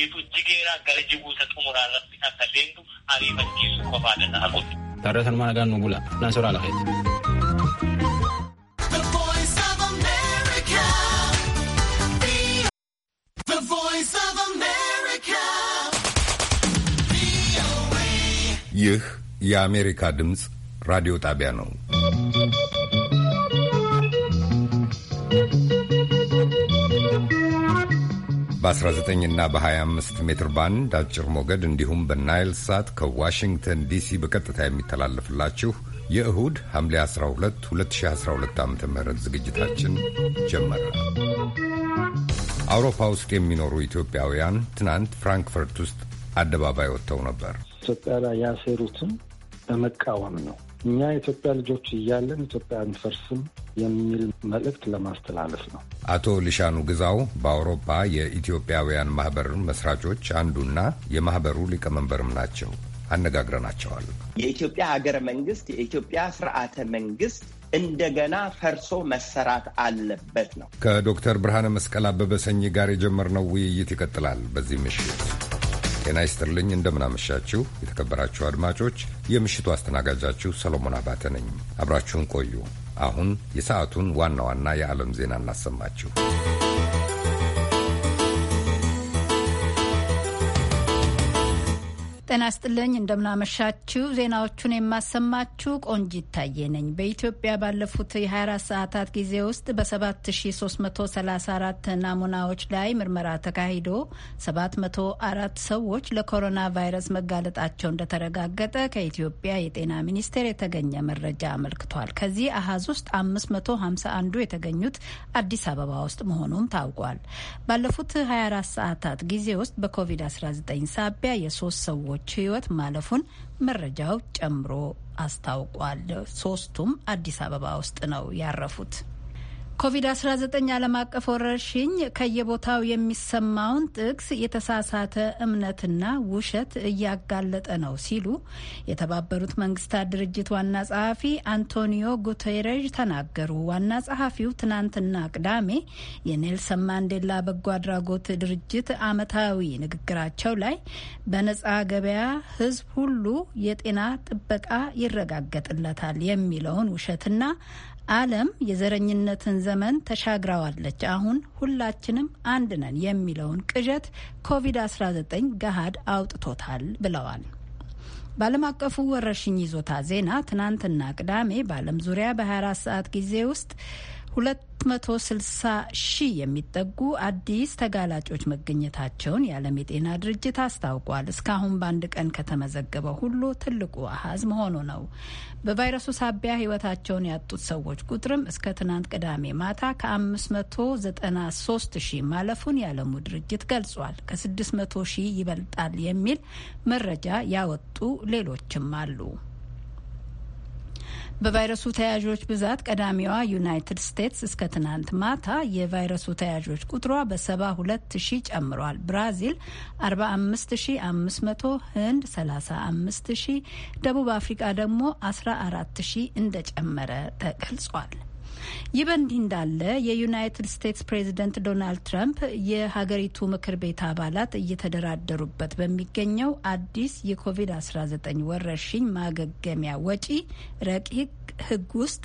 Jibuuf jigeeraa gara jibuusa xumuraa irratti kan talleentu ariifachiisuu qofaa danda'a godhu. Taarreessaan mana gahaan nu bula. Naan soraa lafa ይህ የአሜሪካ ድምፅ ራዲዮ ጣቢያ ነው። በ19 እና በ25 ሜትር ባንድ አጭር ሞገድ እንዲሁም በናይል ሳት ከዋሽንግተን ዲሲ በቀጥታ የሚተላለፍላችሁ የእሁድ ሐምሌ 12 2012 ዓ ም ዝግጅታችን ጀመረ። አውሮፓ ውስጥ የሚኖሩ ኢትዮጵያውያን ትናንት ፍራንክፈርት ውስጥ አደባባይ ወጥተው ነበር። ኢትዮጵያ ላይ ያሴሩትን በመቃወም ነው። እኛ የኢትዮጵያ ልጆች እያለን ኢትዮጵያ አንፈርስም የሚል መልእክት ለማስተላለፍ ነው። አቶ ልሻኑ ግዛው በአውሮፓ የኢትዮጵያውያን ማህበር መስራቾች አንዱና የማህበሩ ሊቀመንበርም ናቸው። አነጋግረናቸዋል። የኢትዮጵያ ሀገረ መንግስት የኢትዮጵያ ስርዓተ መንግስት እንደገና ፈርሶ መሰራት አለበት ነው። ከዶክተር ብርሃነ መስቀል አበበ ሰኚ ጋር የጀመርነው ውይይት ይቀጥላል በዚህ ምሽት ጤና ይስጥልኝ። እንደምናመሻችሁ የተከበራችሁ አድማጮች፣ የምሽቱ አስተናጋጃችሁ ሰሎሞን አባተ ነኝ። አብራችሁን ቆዩ። አሁን የሰዓቱን ዋና ዋና የዓለም ዜና እናሰማችሁ። ጤና ስጥልኝ እንደምናመሻችው ዜናዎቹን የማሰማችሁ ቆንጂ ታዬ ነኝ። በኢትዮጵያ ባለፉት የ24 ሰዓታት ጊዜ ውስጥ በ7334 ናሙናዎች ላይ ምርመራ ተካሂዶ 704 ሰዎች ለኮሮና ቫይረስ መጋለጣቸው እንደተረጋገጠ ከኢትዮጵያ የጤና ሚኒስቴር የተገኘ መረጃ አመልክቷል። ከዚህ አሀዝ ውስጥ 551ዱ የተገኙት አዲስ አበባ ውስጥ መሆኑም ታውቋል። ባለፉት 24 ሰዓታት ጊዜ ውስጥ በኮቪድ-19 ሳቢያ የሶስት ሰዎች ሰዎች ሕይወት ማለፉን መረጃው ጨምሮ አስታውቋል። ሶስቱም አዲስ አበባ ውስጥ ነው ያረፉት። ኮቪድ-19 ዓለም አቀፍ ወረርሽኝ ከየቦታው የሚሰማውን ጥቅስ፣ የተሳሳተ እምነትና ውሸት እያጋለጠ ነው ሲሉ የተባበሩት መንግስታት ድርጅት ዋና ጸሐፊ አንቶኒዮ ጉቴሬዥ ተናገሩ። ዋና ጸሐፊው ትናንትና ቅዳሜ የኔልሰን ማንዴላ በጎ አድራጎት ድርጅት አመታዊ ንግግራቸው ላይ በነጻ ገበያ ህዝብ ሁሉ የጤና ጥበቃ ይረጋገጥለታል የሚለውን ውሸትና ዓለም የዘረኝነትን ዘመን ተሻግረዋለች፣ አሁን ሁላችንም አንድ ነን የሚለውን ቅዠት ኮቪድ-19 ገሃድ አውጥቶታል ብለዋል። በዓለም አቀፉ ወረርሽኝ ይዞታ ዜና ትናንትና ቅዳሜ በዓለም ዙሪያ በ24 ሰዓት ጊዜ ውስጥ 260 ሺህ የሚጠጉ አዲስ ተጋላጮች መገኘታቸውን የዓለም የጤና ድርጅት አስታውቋል። እስካሁን በአንድ ቀን ከተመዘገበው ሁሉ ትልቁ አሃዝ መሆኑ ነው። በቫይረሱ ሳቢያ ሕይወታቸውን ያጡት ሰዎች ቁጥርም እስከ ትናንት ቅዳሜ ማታ ከ593 ሺህ ማለፉን የዓለሙ ድርጅት ገልጿል። ከ600 ሺህ ይበልጣል የሚል መረጃ ያወጡ ሌሎችም አሉ። በቫይረሱ ተያዦች ብዛት ቀዳሚዋ ዩናይትድ ስቴትስ እስከ ትናንት ማታ የቫይረሱ ተያዦች ቁጥሯ በ72 ሺህ ጨምሯል። ብራዚል 45500፣ ህንድ 35000፣ ደቡብ አፍሪካ ደግሞ 14000 እንደጨመረ ተገልጿል። ይህ በእንዲህ እንዳለ የዩናይትድ ስቴትስ ፕሬዚደንት ዶናልድ ትራምፕ የሀገሪቱ ምክር ቤት አባላት እየተደራደሩበት በሚገኘው አዲስ የኮቪድ-19 ወረርሽኝ ማገገሚያ ወጪ ረቂቅ ሕግ ውስጥ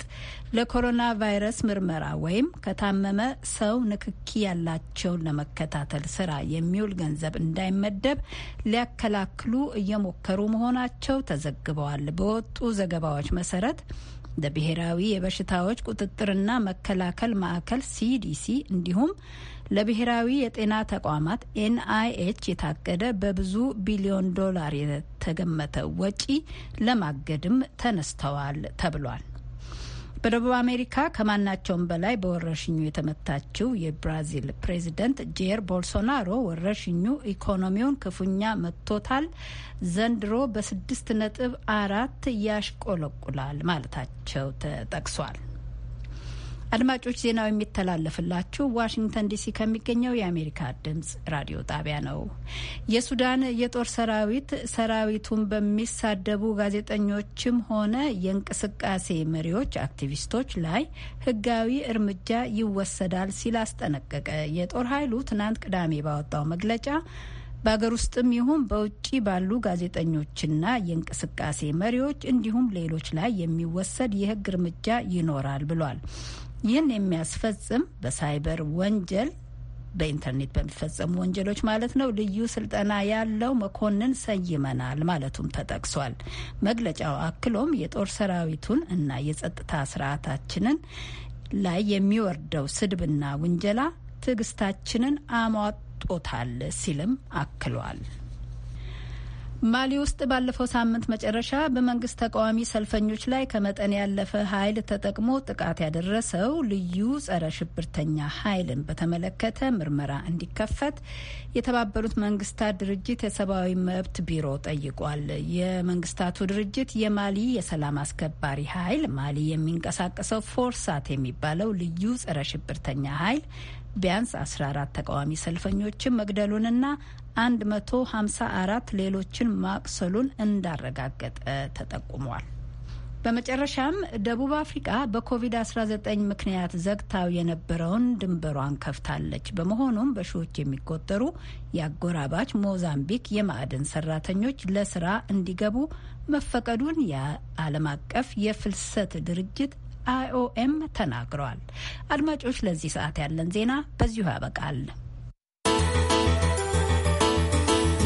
ለኮሮና ቫይረስ ምርመራ ወይም ከታመመ ሰው ንክኪ ያላቸውን ለመከታተል ስራ የሚውል ገንዘብ እንዳይመደብ ሊያከላክሉ እየሞከሩ መሆናቸው ተዘግበዋል። በወጡ ዘገባዎች መሰረት ለብሔራዊ የበሽታዎች ቁጥጥርና መከላከል ማዕከል ሲዲሲ እንዲሁም ለብሔራዊ የጤና ተቋማት ኤንአይኤች የታቀደ በብዙ ቢሊዮን ዶላር የተገመተ ወጪ ለማገድም ተነስተዋል ተብሏል። በደቡብ አሜሪካ ከማናቸውም በላይ በወረርሽኙ የተመታችው የብራዚል ፕሬዚደንት ጄር ቦልሶናሮ ወረርሽኙ ኢኮኖሚውን ክፉኛ መጥቶታል፣ ዘንድሮ በስድስት ነጥብ አራት ያሽቆለቁላል ማለታቸው ተጠቅሷል። አድማጮች ዜናው የሚተላለፍላችሁ ዋሽንግተን ዲሲ ከሚገኘው የአሜሪካ ድምጽ ራዲዮ ጣቢያ ነው። የሱዳን የጦር ሰራዊት ሰራዊቱን በሚሳደቡ ጋዜጠኞችም ሆነ የእንቅስቃሴ መሪዎች፣ አክቲቪስቶች ላይ ሕጋዊ እርምጃ ይወሰዳል ሲል አስጠነቀቀ። የጦር ኃይሉ ትናንት ቅዳሜ ባወጣው መግለጫ በሀገር ውስጥም ይሁን በውጭ ባሉ ጋዜጠኞችና የእንቅስቃሴ መሪዎች እንዲሁም ሌሎች ላይ የሚወሰድ የህግ እርምጃ ይኖራል ብሏል። ይህን የሚያስፈጽም በሳይበር ወንጀል በኢንተርኔት በሚፈጸሙ ወንጀሎች ማለት ነው ልዩ ስልጠና ያለው መኮንን ሰይመናል ማለቱም ተጠቅሷል። መግለጫው አክሎም የጦር ሰራዊቱን እና የጸጥታ ስርዓታችንን ላይ የሚወርደው ስድብና ውንጀላ ትዕግስታችንን አሟጦታል ሲልም አክሏል። ማሊ ውስጥ ባለፈው ሳምንት መጨረሻ በመንግስት ተቃዋሚ ሰልፈኞች ላይ ከመጠን ያለፈ ኃይል ተጠቅሞ ጥቃት ያደረሰው ልዩ ጸረ ሽብርተኛ ኃይልን በተመለከተ ምርመራ እንዲከፈት የተባበሩት መንግስታት ድርጅት የሰብአዊ መብት ቢሮ ጠይቋል። የመንግስታቱ ድርጅት የማሊ የሰላም አስከባሪ ኃይል ማሊ የሚንቀሳቀሰው ፎርሳት የሚባለው ልዩ ጸረ ሽብርተኛ ኃይል ቢያንስ 14 ተቃዋሚ ሰልፈኞችን መግደሉንና 154 ሌሎችን ማቁሰሉን እንዳረጋገጠ ተጠቁሟል። በመጨረሻም ደቡብ አፍሪቃ በኮቪድ-19 ምክንያት ዘግታው የነበረውን ድንበሯን ከፍታለች። በመሆኑም በሺዎች የሚቆጠሩ የአጎራባች ሞዛምቢክ የማዕድን ሰራተኞች ለስራ እንዲገቡ መፈቀዱን የዓለም አቀፍ የፍልሰት ድርጅት አይኦኤም ተናግረዋል። አድማጮች፣ ለዚህ ሰዓት ያለን ዜና በዚሁ ያበቃል።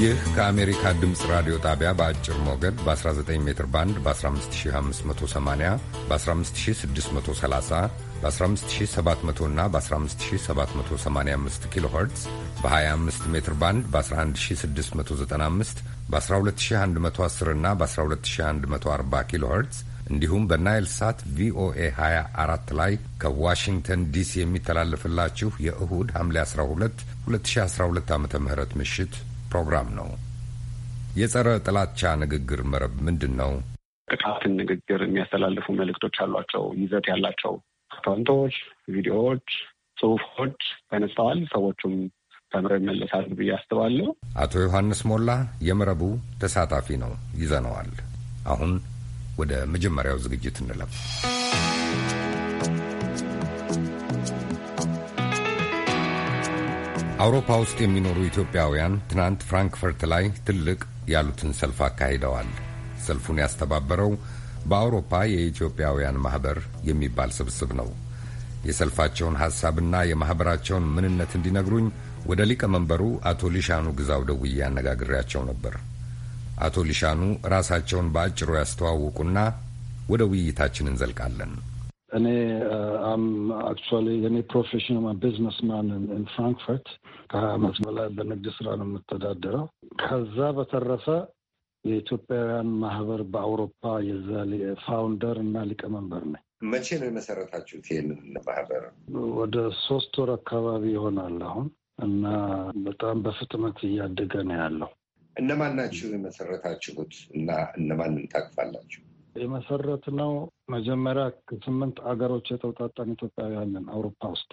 ይህ ከአሜሪካ ድምፅ ራዲዮ ጣቢያ በአጭር ሞገድ በ19 ሜትር ባንድ በ15580 በ15630 በ15700 እና በ15785 ኪሎ ኸርትዝ በ25 ሜትር ባንድ በ11695 በ12110 እና በ12140 ኪሎ ኸርትዝ እንዲሁም በናይል ሳት ቪኦኤ 24 ላይ ከዋሽንግተን ዲሲ የሚተላለፍላችሁ የእሁድ ሐምሌ 12 2012 ዓ ም ምሽት ፕሮግራም ነው። የጸረ ጥላቻ ንግግር መረብ ምንድን ነው? ጥቃትን ንግግር የሚያስተላልፉ መልእክቶች ያሏቸው ይዘት ያላቸው አካውንቶች፣ ቪዲዮዎች፣ ጽሁፎች ተነስተዋል። ሰዎቹም ተምረው ይመለሳሉ ብዬ አስባለሁ። አቶ ዮሐንስ ሞላ የመረቡ ተሳታፊ ነው። ይዘነዋል አሁን ወደ መጀመሪያው ዝግጅት እንለፍ። አውሮፓ ውስጥ የሚኖሩ ኢትዮጵያውያን ትናንት ፍራንክፈርት ላይ ትልቅ ያሉትን ሰልፍ አካሂደዋል። ሰልፉን ያስተባበረው በአውሮፓ የኢትዮጵያውያን ማኅበር የሚባል ስብስብ ነው። የሰልፋቸውን ሐሳብና የማኅበራቸውን ምንነት እንዲነግሩኝ ወደ ሊቀመንበሩ አቶ ሊሻኑ ግዛው ደውዬ አነጋግሬያቸው ነበር። አቶ ሊሻኑ ራሳቸውን በአጭሩ ያስተዋውቁና ወደ ውይይታችን እንዘልቃለን። እኔ አክቹዋሊ የኔ ፕሮፌሽን ቢዝነስማን ፍራንክፈርት ከሀያ በላይ በንግድ ስራ ነው የምተዳደረው። ከዛ በተረፈ የኢትዮጵያውያን ማህበር በአውሮፓ የዛ ፋውንደር እና ሊቀመንበር ነኝ። መቼ ነው የመሰረታችሁት ይህንን ማህበር? ወደ ሶስት ወር አካባቢ ይሆናል አሁን እና በጣም በፍጥነት እያደገ ነው ያለው። እነማን ናችሁ የመሰረታችሁት እና እነማንን ታቅፋላችሁ? የመሰረት ነው መጀመሪያ ከስምንት አገሮች የተውጣጣን ኢትዮጵያውያንን አውሮፓ ውስጥ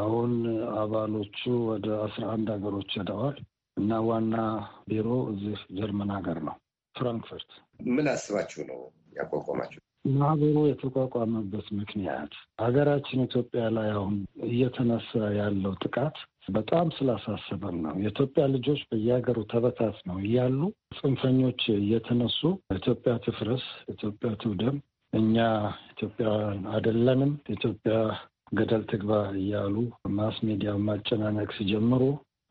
አሁን አባሎቹ ወደ አስራ አንድ ሀገሮች ሄደዋል እና ዋና ቢሮ እዚህ ጀርመን ሀገር ነው ፍራንክፈርት። ምን አስባችሁ ነው ያቋቋማችሁ? ማህበሩ የተቋቋመበት ምክንያት ሀገራችን ኢትዮጵያ ላይ አሁን እየተነሳ ያለው ጥቃት በጣም ስላሳሰበን ነው። የኢትዮጵያ ልጆች በየሀገሩ ተበታትነው እያሉ ጽንፈኞች እየተነሱ ኢትዮጵያ ትፍረስ፣ ኢትዮጵያ ትውደም፣ እኛ ኢትዮጵያውያን አይደለንም፣ ኢትዮጵያ ገደል ትግባ እያሉ ማስ ሚዲያ ማጨናነቅ ሲጀምሩ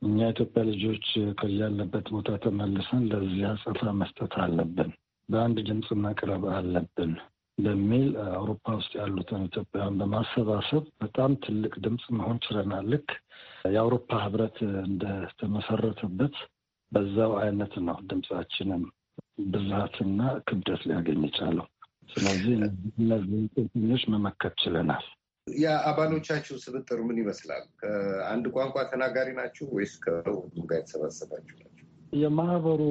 እኛ ኢትዮጵያ ልጆች ከያለበት ቦታ ተመልሰን ለዚህ አጸፋ መስጠት አለብን። በአንድ ድምፅ መቅረብ አለብን። በሚል አውሮፓ ውስጥ ያሉትን ኢትዮጵያውያን በማሰባሰብ በጣም ትልቅ ድምፅ መሆን ችለናል። ልክ የአውሮፓ ህብረት እንደተመሰረተበት በዛው አይነት ነው ድምፃችንም ብዛትና ክብደት ሊያገኝ የቻለው። ስለዚህ እነዚህ ትንሽ መመከት ችለናል። የአባሎቻችሁ ስብጥር ምን ይመስላል? ከአንድ ቋንቋ ተናጋሪ ናችሁ ወይስ ከሁሉም ጋር የተሰባሰባችሁ የማህበሩ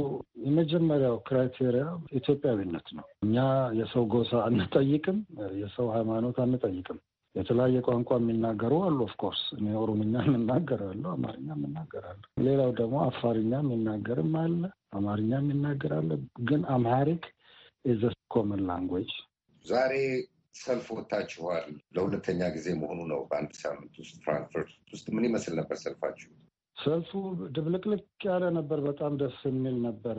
የመጀመሪያው ክራይቴሪያ ኢትዮጵያዊነት ነው። እኛ የሰው ጎሳ አንጠይቅም፣ የሰው ሃይማኖት አንጠይቅም። የተለያየ ቋንቋ የሚናገሩ አሉ። ኦፍኮርስ እኔ ኦሮምኛ የምናገራለሁ፣ አማርኛ የምናገራለሁ። ሌላው ደግሞ አፋርኛ የሚናገርም አለ፣ አማርኛ የሚናገራለ። ግን አምሃሪክ ኢዝ ኮመን ላንጉዌጅ። ዛሬ ሰልፍ ወጥታችኋል፣ ለሁለተኛ ጊዜ መሆኑ ነው በአንድ ሳምንት ውስጥ ፍራንክፈርት ውስጥ። ምን ይመስል ነበር ሰልፋችሁ? ሰልፉ ድብልቅልቅ ያለ ነበር። በጣም ደስ የሚል ነበረ።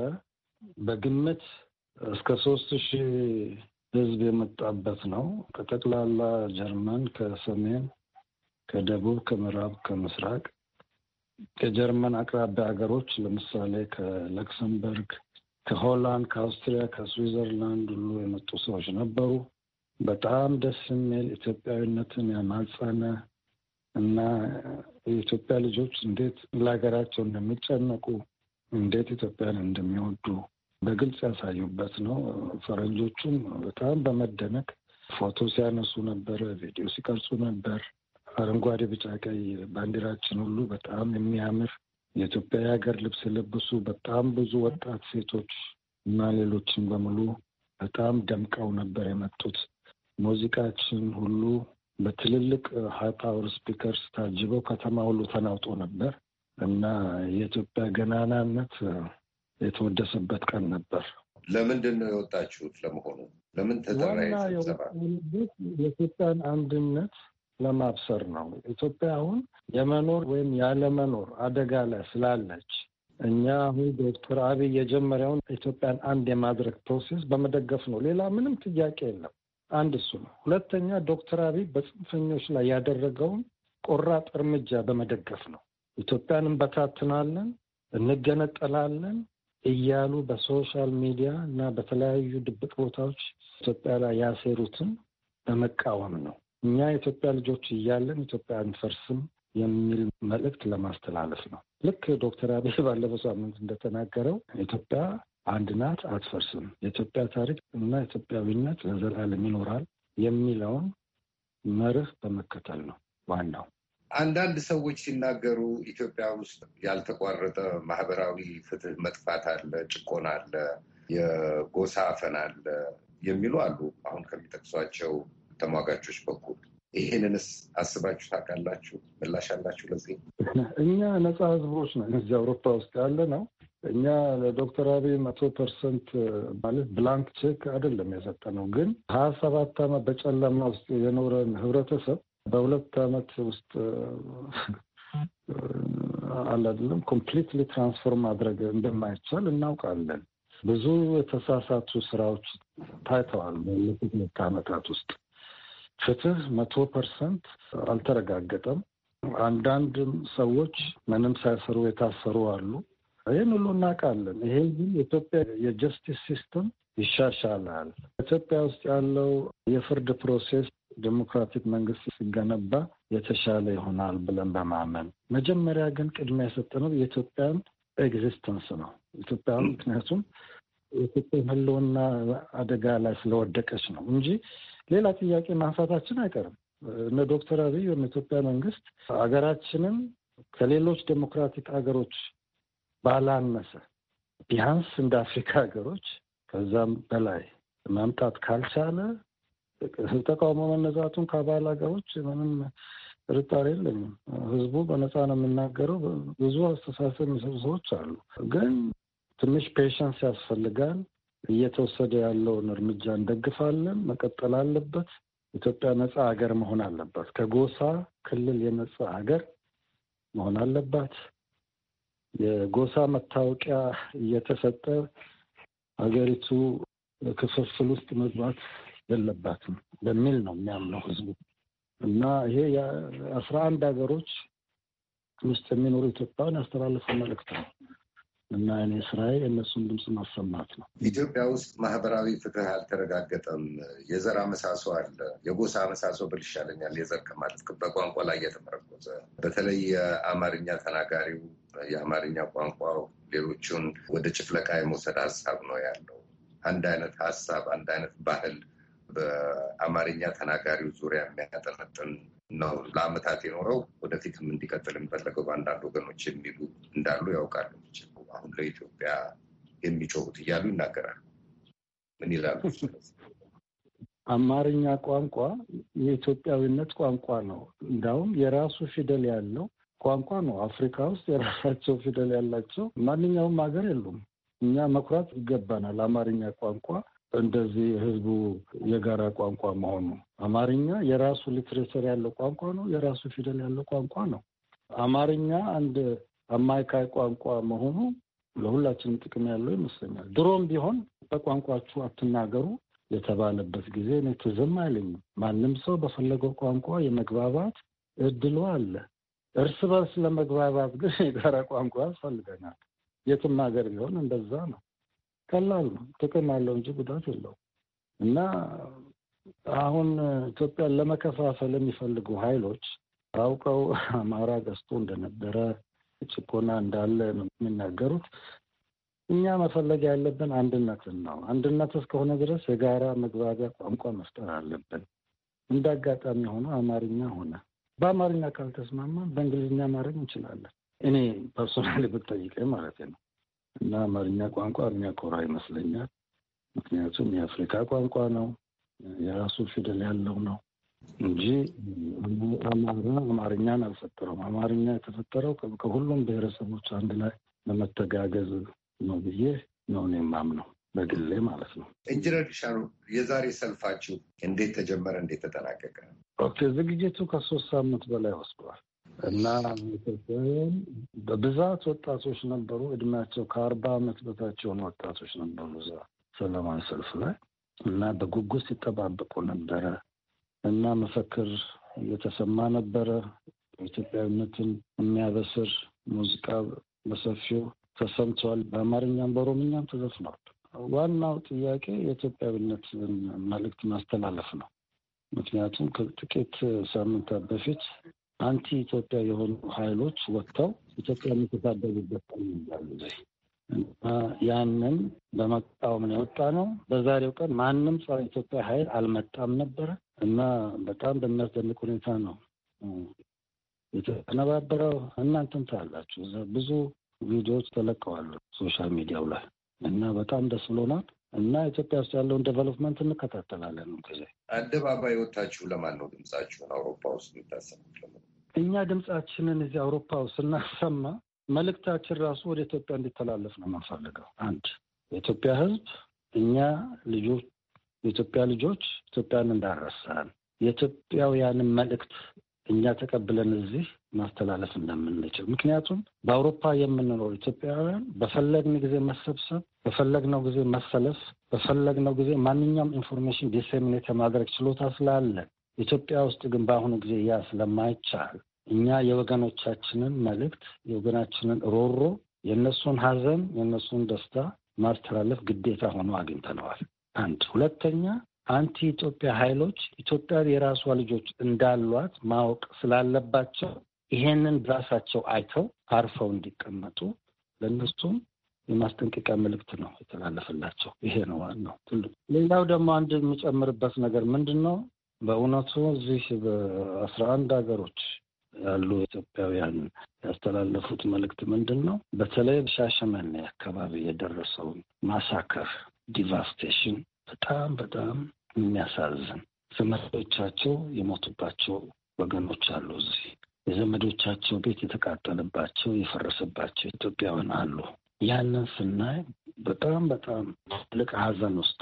በግምት እስከ ሶስት ሺህ ህዝብ የመጣበት ነው። ከጠቅላላ ጀርመን ከሰሜን፣ ከደቡብ፣ ከምዕራብ፣ ከምስራቅ ከጀርመን አቅራቢያ ሀገሮች ለምሳሌ ከለክሰምበርግ፣ ከሆላንድ፣ ከአውስትሪያ፣ ከስዊዘርላንድ ሁሉ የመጡ ሰዎች ነበሩ። በጣም ደስ የሚል ኢትዮጵያዊነትን ያማጸነ እና የኢትዮጵያ ልጆች እንዴት ለሀገራቸው እንደሚጨነቁ እንዴት ኢትዮጵያን እንደሚወዱ በግልጽ ያሳዩበት ነው። ፈረንጆቹም በጣም በመደነቅ ፎቶ ሲያነሱ ነበር፣ ቪዲዮ ሲቀርጹ ነበር። አረንጓዴ፣ ቢጫ፣ ቀይ ባንዲራችን ሁሉ በጣም የሚያምር የኢትዮጵያ የሀገር ልብስ የለበሱ በጣም ብዙ ወጣት ሴቶች እና ሌሎችን በሙሉ በጣም ደምቀው ነበር የመጡት። ሙዚቃችን ሁሉ በትልልቅ ሃይ ፓወር ስፒከርስ ታጅበው ከተማ ሁሉ ተናውጦ ነበር እና የኢትዮጵያ ገናናነት የተወደሰበት ቀን ነበር። ለምንድን ነው የወጣችሁት? ለመሆኑ ለምን ተጠራ? የኢትዮጵያን አንድነት ለማብሰር ነው። ኢትዮጵያ አሁን የመኖር ወይም ያለመኖር አደጋ ላይ ስላለች እኛ አሁን ዶክተር አብይ የጀመሪያውን ኢትዮጵያን አንድ የማድረግ ፕሮሴስ በመደገፍ ነው። ሌላ ምንም ጥያቄ የለም። አንድ እሱ ነው። ሁለተኛ ዶክተር አብይ በጽንፈኞች ላይ ያደረገውን ቆራጥ እርምጃ በመደገፍ ነው። ኢትዮጵያን እንበታትናለን፣ እንገነጠላለን እያሉ በሶሻል ሚዲያ እና በተለያዩ ድብቅ ቦታዎች ኢትዮጵያ ላይ ያሴሩትን በመቃወም ነው። እኛ የኢትዮጵያ ልጆች እያለን ኢትዮጵያ አንፈርስም የሚል መልእክት ለማስተላለፍ ነው። ልክ ዶክተር አብይ ባለፈው ሳምንት እንደተናገረው ኢትዮጵያ አንድ ናት፣ አትፈርስም፣ የኢትዮጵያ ታሪክ እና ኢትዮጵያዊነት ለዘላለም ይኖራል የሚለውን መርህ በመከተል ነው ዋናው። አንዳንድ ሰዎች ሲናገሩ ኢትዮጵያ ውስጥ ያልተቋረጠ ማህበራዊ ፍትህ መጥፋት አለ፣ ጭቆና አለ፣ የጎሳ አፈና አለ የሚሉ አሉ። አሁን ከሚጠቅሷቸው ተሟጋቾች በኩል ይህንንስ አስባችሁ ታውቃላችሁ? ምላሽ አላችሁ ለዚህ? እኛ ነፃ ህዝቦች ነን። እዚህ አውሮፓ ውስጥ ያለ ነው እኛ ለዶክተር አብይ መቶ ፐርሰንት ማለት ብላንክ ቼክ አይደለም ነው ግን ሀያ ሰባት አመት በጨለማ ውስጥ የኖረን ህብረተሰብ በሁለት አመት ውስጥ አለ ኮምፕሊትሊ ትራንስፎርም ማድረግ እንደማይቻል እናውቃለን። ብዙ የተሳሳቱ ስራዎች ታይተዋል። ባለፉት ሁለት ውስጥ ፍትህ መቶ ፐርሰንት አልተረጋገጠም። አንዳንድ ሰዎች ምንም ሳይሰሩ የታሰሩ አሉ። ይህን ሁሉ እናውቃለን። ይሄ ግን የኢትዮጵያ የጀስቲስ ሲስተም ይሻሻላል። ኢትዮጵያ ውስጥ ያለው የፍርድ ፕሮሴስ ዴሞክራቲክ መንግስት ሲገነባ የተሻለ ይሆናል ብለን በማመን መጀመሪያ ግን ቅድሚያ የሰጠነው የኢትዮጵያን ኤግዚስተንስ ነው። ኢትዮጵያ ምክንያቱም የኢትዮጵያ ህልውና አደጋ ላይ ስለወደቀች ነው እንጂ ሌላ ጥያቄ ማንሳታችን አይቀርም። እነ ዶክተር አብይ ወይም ኢትዮጵያ መንግስት ሀገራችንን ከሌሎች ዴሞክራቲክ ሀገሮች ባላነሰ ቢያንስ እንደ አፍሪካ ሀገሮች ከዛም በላይ ማምጣት ካልቻለ ተቃውሞ መነዛቱን ከአባል ሀገሮች ምንም ጥርጣሬ የለኝም። ህዝቡ በነፃ ነው የሚናገረው። ብዙ አስተሳሰብ የሚሰሩ ሰዎች አሉ፣ ግን ትንሽ ፔሽንስ ያስፈልጋል። እየተወሰደ ያለውን እርምጃ እንደግፋለን። መቀጠል አለበት። ኢትዮጵያ ነፃ ሀገር መሆን አለባት። ከጎሳ ክልል የነፃ ሀገር መሆን አለባት። የጎሳ መታወቂያ እየተሰጠ ሀገሪቱ ክፍፍል ውስጥ መግባት የለባትም በሚል ነው የሚያምነው ህዝቡ እና ይሄ የአስራ አንድ ሀገሮች ውስጥ የሚኖሩ ኢትዮጵያን ያስተላለፈ መልእክት ነው እና እኔ ስራዬ የእነሱን ድምፅ ማሰማት ነው። ኢትዮጵያ ውስጥ ማህበራዊ ፍትህ አልተረጋገጠም። የዘር አመሳሶ አለ። የጎሳ አመሳሶ ብል ይሻለኛል የዘር ከማለት በቋንቋ ላይ እየተመረኮዘ በተለይ የአማርኛ ተናጋሪው የአማርኛ ቋንቋ ሌሎቹን ወደ ጭፍለቃ የመውሰድ ሀሳብ ነው ያለው። አንድ አይነት ሀሳብ፣ አንድ አይነት ባህል በአማርኛ ተናጋሪው ዙሪያ የሚያጠነጥን ነው ለአመታት የኖረው ወደፊትም እንዲቀጥል የሚፈለገው በአንዳንድ ወገኖች የሚሉ እንዳሉ ያውቃሉ። አሁን ለኢትዮጵያ የሚጮሁት እያሉ ይናገራሉ። ምን ይላሉ? አማርኛ ቋንቋ የኢትዮጵያዊነት ቋንቋ ነው። እንዳውም የራሱ ፊደል ያለው ቋንቋ ነው። አፍሪካ ውስጥ የራሳቸው ፊደል ያላቸው ማንኛውም ሀገር የሉም። እኛ መኩራት ይገባናል። አማርኛ ቋንቋ እንደዚህ ህዝቡ የጋራ ቋንቋ መሆኑ አማርኛ የራሱ ሊትሬቸር ያለው ቋንቋ ነው። የራሱ ፊደል ያለው ቋንቋ ነው። አማርኛ አንድ አማካይ ቋንቋ መሆኑ ለሁላችንም ጥቅም ያለው ይመስለኛል። ድሮም ቢሆን በቋንቋችሁ አትናገሩ የተባለበት ጊዜ እኔ ትዝም አይለኝም። ማንም ሰው በፈለገው ቋንቋ የመግባባት እድሉ አለ። እርስ በርስ ለመግባባት ግን የጋራ ቋንቋ ያስፈልገናል። የትም ሀገር ቢሆን እንደዛ ነው። ቀላል ነው፣ ጥቅም አለው እንጂ ጉዳት የለው እና አሁን ኢትዮጵያን ለመከፋፈል የሚፈልጉ ኃይሎች አውቀው አማራ ገዝቶ እንደነበረ ጭቆና እንዳለ የሚናገሩት። እኛ መፈለግ ያለብን አንድነትን ነው። አንድነት እስከሆነ ድረስ የጋራ መግባቢያ ቋንቋ መፍጠር አለብን። እንደ አጋጣሚ ሆኖ አማርኛ ሆነ። በአማርኛ ካልተስማማን በእንግሊዝኛ ማድረግ እንችላለን። እኔ ፐርሶናል ብትጠይቀኝ ማለት ነው እና አማርኛ ቋንቋ የሚያኮራ ይመስለኛል። ምክንያቱም የአፍሪካ ቋንቋ ነው፣ የራሱ ፊደል ያለው ነው እንጂ አማራ አማርኛን አልፈጠረውም። አማርኛ የተፈጠረው ከሁሉም ብሔረሰቦች አንድ ላይ ለመተጋገዝ ነው ብዬ ነው እኔ የማምነው በግሌ ማለት ነው። ኢንጂነር የዛሬ ሰልፋችሁ እንዴት ተጀመረ? እንዴት ተጠናቀቀ? ዝግጅቱ ከሶስት ሳምንት በላይ ወስዷል እና ኢትዮጵያውያን በብዛት ወጣቶች ነበሩ። እድሜያቸው ከአርባ ዓመት በታች የሆኑ ወጣቶች ነበሩ እዛ ሰላማዊ ሰልፍ ላይ እና በጉጉት ሲጠባበቁ ነበረ እና መፈክር እየተሰማ ነበረ። ኢትዮጵያዊነትን የሚያበስር ሙዚቃ በሰፊው ተሰምቷል። በአማርኛም በኦሮምኛም ተዘፍኗል። ዋናው ጥያቄ የኢትዮጵያዊነትን መልእክት ማስተላለፍ ነው። ምክንያቱም ከጥቂት ሳምንታት በፊት አንቲ ኢትዮጵያ የሆኑ ኃይሎች ወጥተው ኢትዮጵያ የሚተሳደቡበት ያሉ ላይ እና ያንን በመቃወም ነው የወጣ ነው። በዛሬው ቀን ማንም ጸረ ኢትዮጵያ ኃይል አልመጣም ነበረ እና በጣም በሚያስደንቅ ሁኔታ ነው የተነባበረው። እናንተም ታያላችሁ ብዙ ቪዲዮዎች ተለቀዋሉ ሶሻል ሚዲያው ላይ እና በጣም ደስ ብሎናል። እና ኢትዮጵያ ውስጥ ያለውን ዴቨሎፕመንት እንከታተላለን። ጊዜ አደባባይ ወታችሁ ለማን ነው ድምጻችሁን አውሮፓ ውስጥ የምታሰሙት? እኛ ድምጻችንን እዚህ አውሮፓ ውስጥ እናሰማ፣ መልእክታችን ራሱ ወደ ኢትዮጵያ እንዲተላለፍ ነው የምንፈልገው። አንድ የኢትዮጵያ ሕዝብ እኛ ልጆች የኢትዮጵያ ልጆች ኢትዮጵያን እንዳረሳን የኢትዮጵያውያንን መልእክት እኛ ተቀብለን እዚህ ማስተላለፍ እንደምንችል። ምክንያቱም በአውሮፓ የምንኖር ኢትዮጵያውያን በፈለግን ጊዜ መሰብሰብ፣ በፈለግነው ጊዜ መሰለፍ፣ በፈለግነው ጊዜ ማንኛውም ኢንፎርሜሽን ዲሴሚኔት የማድረግ ችሎታ ስላለን ኢትዮጵያ ውስጥ ግን በአሁኑ ጊዜ ያ ስለማይቻል እኛ የወገኖቻችንን መልእክት፣ የወገናችንን ሮሮ፣ የእነሱን ሀዘን፣ የእነሱን ደስታ ማስተላለፍ ግዴታ ሆኖ አግኝተነዋል። አንድ ሁለተኛ አንቲ ኢትዮጵያ ኃይሎች ኢትዮጵያ የራሷ ልጆች እንዳሏት ማወቅ ስላለባቸው ይሄንን ራሳቸው አይተው አርፈው እንዲቀመጡ ለእነሱም የማስጠንቀቂያ መልእክት ነው የተላለፈላቸው። ይሄ ነው ዋናው ትልቁ። ሌላው ደግሞ አንድ የሚጨምርበት ነገር ምንድን ነው? በእውነቱ እዚህ በአስራ አንድ ሀገሮች ያሉ ኢትዮጵያውያን ያስተላለፉት መልእክት ምንድን ነው? በተለይ ሻሸመኔ አካባቢ የደረሰውን ማሳከር ዲቫስቴሽን በጣም በጣም የሚያሳዝን ዘመዶቻቸው የሞቱባቸው ወገኖች አሉ እዚህ የዘመዶቻቸው ቤት የተቃጠለባቸው የፈረሰባቸው ኢትዮጵያውያን አሉ። ያንን ስናይ በጣም በጣም ትልቅ ሀዘን ውስጥ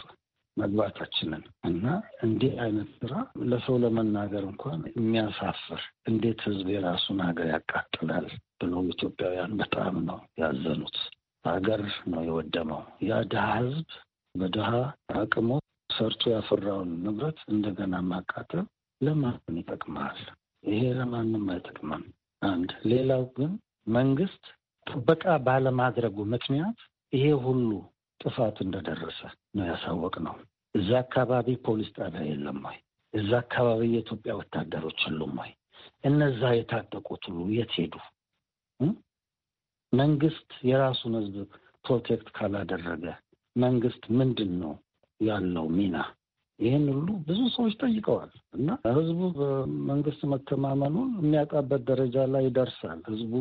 መግባታችንን እና እንዲህ አይነት ስራ ለሰው ለመናገር እንኳን የሚያሳፍር እንዴት ህዝብ የራሱን ሀገር ያቃጥላል ብሎ ኢትዮጵያውያን በጣም ነው ያዘኑት። ሀገር ነው የወደመው። ያ ድሀ ህዝብ በድሀ አቅሞ ሰርቶ ያፈራውን ንብረት እንደገና ማቃጠል ለማን ይጠቅማል? ይሄ ለማንም አይጠቅምም። አንድ ሌላው ግን መንግስት ጥበቃ ባለማድረጉ ምክንያት ይሄ ሁሉ ጥፋት እንደደረሰ ነው ያሳወቅ ነው። እዛ አካባቢ ፖሊስ ጣቢያ የለም ወይ? እዛ አካባቢ የኢትዮጵያ ወታደሮች የሉም ወይ? እነዛ የታጠቁት ሁሉ የት ሄዱ? መንግስት የራሱን ህዝብ ፕሮቴክት ካላደረገ መንግስት ምንድን ነው ያለው ሚና? ይህን ሁሉ ብዙ ሰዎች ጠይቀዋል እና ህዝቡ በመንግስት መተማመኑን የሚያጣበት ደረጃ ላይ ይደርሳል። ህዝቡ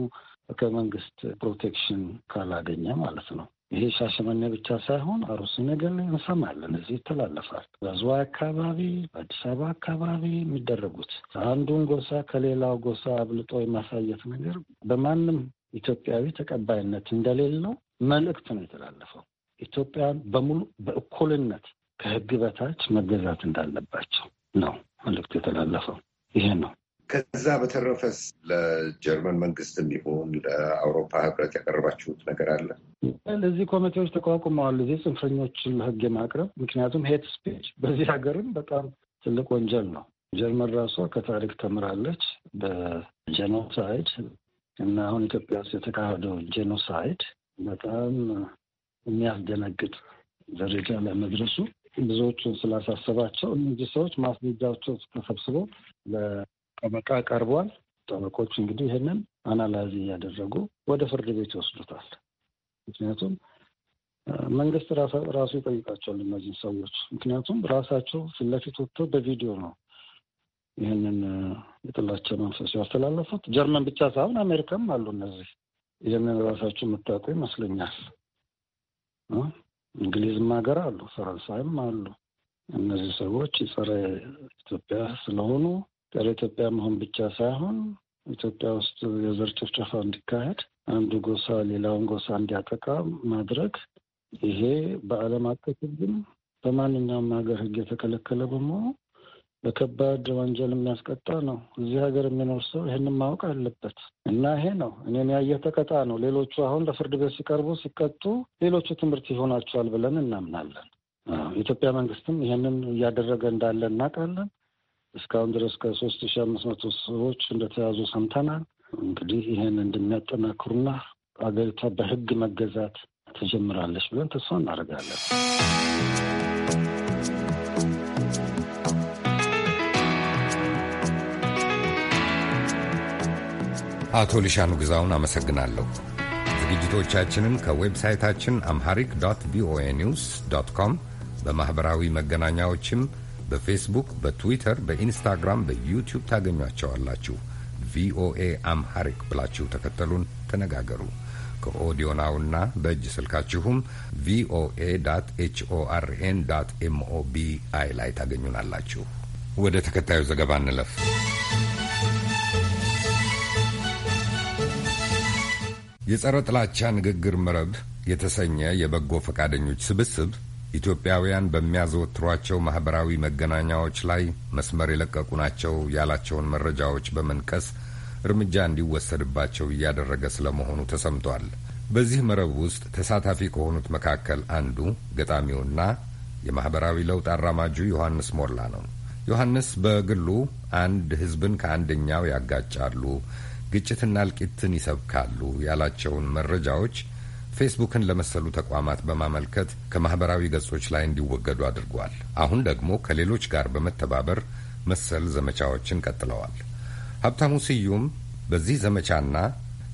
ከመንግስት ፕሮቴክሽን ካላገኘ ማለት ነው። ይሄ ሻሸመኔ ብቻ ሳይሆን አሩሲ ነገር ላይ እንሰማለን። እዚህ ይተላለፋል። በዝዋይ አካባቢ፣ በአዲስ አበባ አካባቢ የሚደረጉት አንዱን ጎሳ ከሌላው ጎሳ አብልጦ የማሳየት ነገር በማንም ኢትዮጵያዊ ተቀባይነት እንደሌለው መልእክት ነው የተላለፈው። ኢትዮጵያን በሙሉ በእኩልነት ከህግ በታች መገዛት እንዳለባቸው ነው መልዕክቱ የተላለፈው። ይሄ ነው። ከዛ በተረፈስ ለጀርመን መንግስትም ይሁን ለአውሮፓ ህብረት ያቀረባችሁት ነገር አለ? ለዚህ ኮሚቴዎች ተቋቁመዋል። እዚህ ጽንፈኞችን ለህግ የማቅረብ ምክንያቱም ሄት ስፒች በዚህ ሀገርም በጣም ትልቅ ወንጀል ነው። ጀርመን ራሷ ከታሪክ ተምራለች በጀኖሳይድ እና አሁን ኢትዮጵያ ውስጥ የተካሄደው ጄኖሳይድ በጣም የሚያስደነግጥ ደረጃ ላይ መድረሱ ብዙዎቹን ስላሳሰባቸው እነዚህ ሰዎች ማስረጃቸው ተሰብስቦ ለጠበቃ ቀርቧል። ጠበቆች እንግዲህ ይህንን አናላይዝ እያደረጉ ወደ ፍርድ ቤት ይወስዱታል። ምክንያቱም መንግስት ራሱ ይጠይቃቸዋል እነዚህ ሰዎች። ምክንያቱም ራሳቸው ፊት ለፊት ወጥተው በቪዲዮ ነው ይህንን የጥላቸው መንፈስ ያስተላለፉት። ጀርመን ብቻ ሳይሆን አሜሪካም አሉ እነዚህ። ይህንን ራሳቸው የምታውቁ ይመስለኛል። እንግሊዝም ሀገር አሉ፣ ፈረንሳይም አሉ። እነዚህ ሰዎች ጸረ ኢትዮጵያ ስለሆኑ ጸረ ኢትዮጵያ መሆን ብቻ ሳይሆን ኢትዮጵያ ውስጥ የዘር ጭፍጨፋ እንዲካሄድ አንዱ ጎሳ ሌላውን ጎሳ እንዲያጠቃ ማድረግ ይሄ በዓለም አቀፍ ሕግም በማንኛውም ሀገር ሕግ የተከለከለ በመሆኑ በከባድ ወንጀል የሚያስቀጣ ነው። እዚህ ሀገር የሚኖር ሰው ይህን ማወቅ አለበት እና ይሄ ነው እኔን ያየህ ተቀጣ ነው። ሌሎቹ አሁን ለፍርድ ቤት ሲቀርቡ ሲቀጡ፣ ሌሎቹ ትምህርት ይሆናቸዋል ብለን እናምናለን። የኢትዮጵያ መንግስትም ይህንን እያደረገ እንዳለ እናውቃለን። እስካሁን ድረስ ከሶስት ሺ አምስት መቶ ሰዎች እንደተያዙ ሰምተናል። እንግዲህ ይህን እንደሚያጠናክሩና አገሪቷ በህግ መገዛት ትጀምራለች ብለን ተስፋ እናደርጋለን። አቶ ሊሻኑ ግዛውን አመሰግናለሁ። ዝግጅቶቻችንን ከዌብሳይታችን አምሃሪክ ዶት ቪኦኤ ኒውስ ዶት ኮም በማኅበራዊ መገናኛዎችም በፌስቡክ፣ በትዊተር፣ በኢንስታግራም፣ በዩቲዩብ ታገኟቸዋላችሁ። ቪኦኤ አምሃሪክ ብላችሁ ተከተሉን፣ ተነጋገሩ። ከኦዲዮናውና በእጅ ስልካችሁም ቪኦኤ ዶት ኤችኦአርኤን ዶት ላይ ታገኙናላችሁ። ወደ ተከታዩ ዘገባ እንለፍ። የጸረ ጥላቻ ንግግር መረብ የተሰኘ የበጎ ፈቃደኞች ስብስብ ኢትዮጵያውያን በሚያዘወትሯቸው ማኅበራዊ መገናኛዎች ላይ መስመር የለቀቁ ናቸው ያላቸውን መረጃዎች በመንቀስ እርምጃ እንዲወሰድባቸው እያደረገ ስለመሆኑ ተሰምቷል። በዚህ መረብ ውስጥ ተሳታፊ ከሆኑት መካከል አንዱ ገጣሚውና የማኅበራዊ ለውጥ አራማጁ ዮሐንስ ሞላ ነው። ዮሐንስ በግሉ አንድ ሕዝብን ከአንደኛው ያጋጫሉ ግጭትና እልቂትን ይሰብካሉ ያላቸውን መረጃዎች ፌስቡክን ለመሰሉ ተቋማት በማመልከት ከማኅበራዊ ገጾች ላይ እንዲወገዱ አድርጓል። አሁን ደግሞ ከሌሎች ጋር በመተባበር መሰል ዘመቻዎችን ቀጥለዋል። ሀብታሙ ስዩም በዚህ ዘመቻና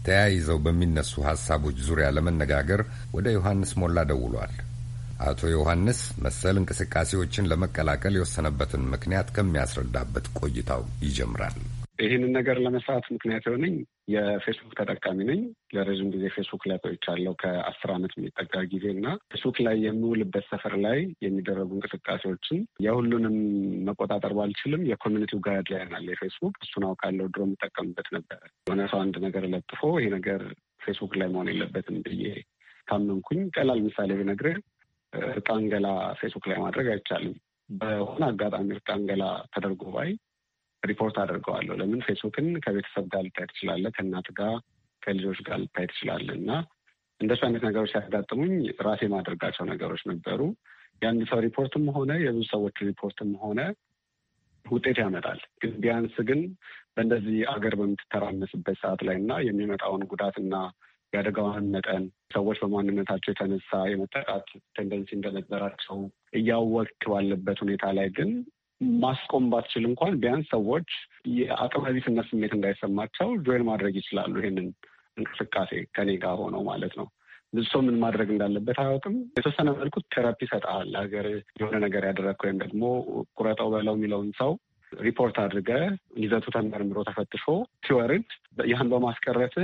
ተያይዘው በሚነሱ ሐሳቦች ዙሪያ ለመነጋገር ወደ ዮሐንስ ሞላ ደውሏል። አቶ ዮሐንስ መሰል እንቅስቃሴዎችን ለመቀላቀል የወሰነበትን ምክንያት ከሚያስረዳበት ቆይታው ይጀምራል። ይህንን ነገር ለመስራት ምክንያት የሆነኝ የፌስቡክ ተጠቃሚ ነኝ። ለረዥም ጊዜ ፌስቡክ ላይ ቆይቻለሁ ከአስር ዓመት የሚጠጋ ጊዜ እና ፌስቡክ ላይ የሚውልበት ሰፈር ላይ የሚደረጉ እንቅስቃሴዎችን የሁሉንም መቆጣጠር ባልችልም የኮሚኒቲው ጋይድ ላይ አለ የፌስቡክ እሱን አውቃለሁ። ድሮ የምጠቀምበት ነበረ። የሆነ ሰው አንድ ነገር ለጥፎ ይሄ ነገር ፌስቡክ ላይ መሆን የለበትም ብዬ ታመንኩኝ። ቀላል ምሳሌ ብነግርህ እርቃንገላ ፌስቡክ ላይ ማድረግ አይቻልም። በሆነ አጋጣሚ እርቃንገላ ተደርጎ ባይ ሪፖርት አድርገዋለሁ። ለምን ፌስቡክን ከቤተሰብ ጋር ልታይ ትችላለህ፣ ከእናት ጋር ከልጆች ጋር ልታይ ትችላለህ። እና እንደሱ አይነት ነገሮች ሲያጋጥሙኝ ራሴ ማደርጋቸው ነገሮች ነበሩ። የአንድ ሰው ሪፖርትም ሆነ የብዙ ሰዎች ሪፖርትም ሆነ ውጤት ያመጣል። ግን ቢያንስ ግን በእንደዚህ አገር በምትተራመስበት ሰዓት ላይ እና የሚመጣውን ጉዳትና የአደጋውን መጠን ሰዎች በማንነታቸው የተነሳ የመጠቃት ቴንደንሲ እንደነበራቸው እያወቅክ ባለበት ሁኔታ ላይ ግን ማስቆም ባትችል እንኳን ቢያንስ ሰዎች የአቅመ ስሜት እንዳይሰማቸው ጆይን ማድረግ ይችላሉ። ይሄንን እንቅስቃሴ ከኔ ጋር ሆነው ማለት ነው። ብዙ ሰው ምን ማድረግ እንዳለበት አያውቅም። የተወሰነ መልኩ ቴራፒ ይሰጣል። ሀገር የሆነ ነገር ያደረግክ ወይም ደግሞ ቁረጠው በለው የሚለውን ሰው ሪፖርት አድርገ ይዘቱ ተመርምሮ ተፈትሾ ሲወርድ ይህን በማስቀረት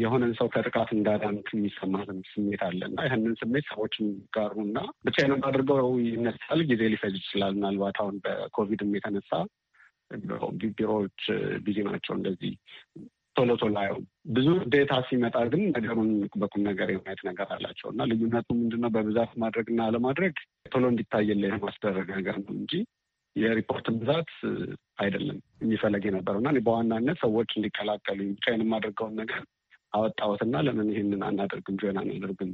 የሆነን ሰው ከጥቃት እንዳዳንት የሚሰማ ስሜት አለ እና ይህንን ስሜት ሰዎች የሚጋሩ እና ብቻዬን አድርገው ይነሳል። ጊዜ ሊፈጅ ይችላል። ምናልባት አሁን በኮቪድም የተነሳ ቢሮዎች ቢዚ ናቸው። እንደዚህ ቶሎ ቶሎ አየውም። ብዙ ዴታ ሲመጣ ግን ነገሩን በቁም ነገር የማየት ነገር አላቸው እና ልዩነቱ ምንድነው? በብዛት ማድረግ እና አለማድረግ ቶሎ እንዲታየለ ማስደረግ ነገር ነው እንጂ የሪፖርት ብዛት አይደለም የሚፈለግ የነበረው እና በዋናነት ሰዎች እንዲቀላቀሉ ብቻዬን የማደርገውን ነገር አወጣሁትና ለምን ይህንን አናደርግም ጆይን አናደርግም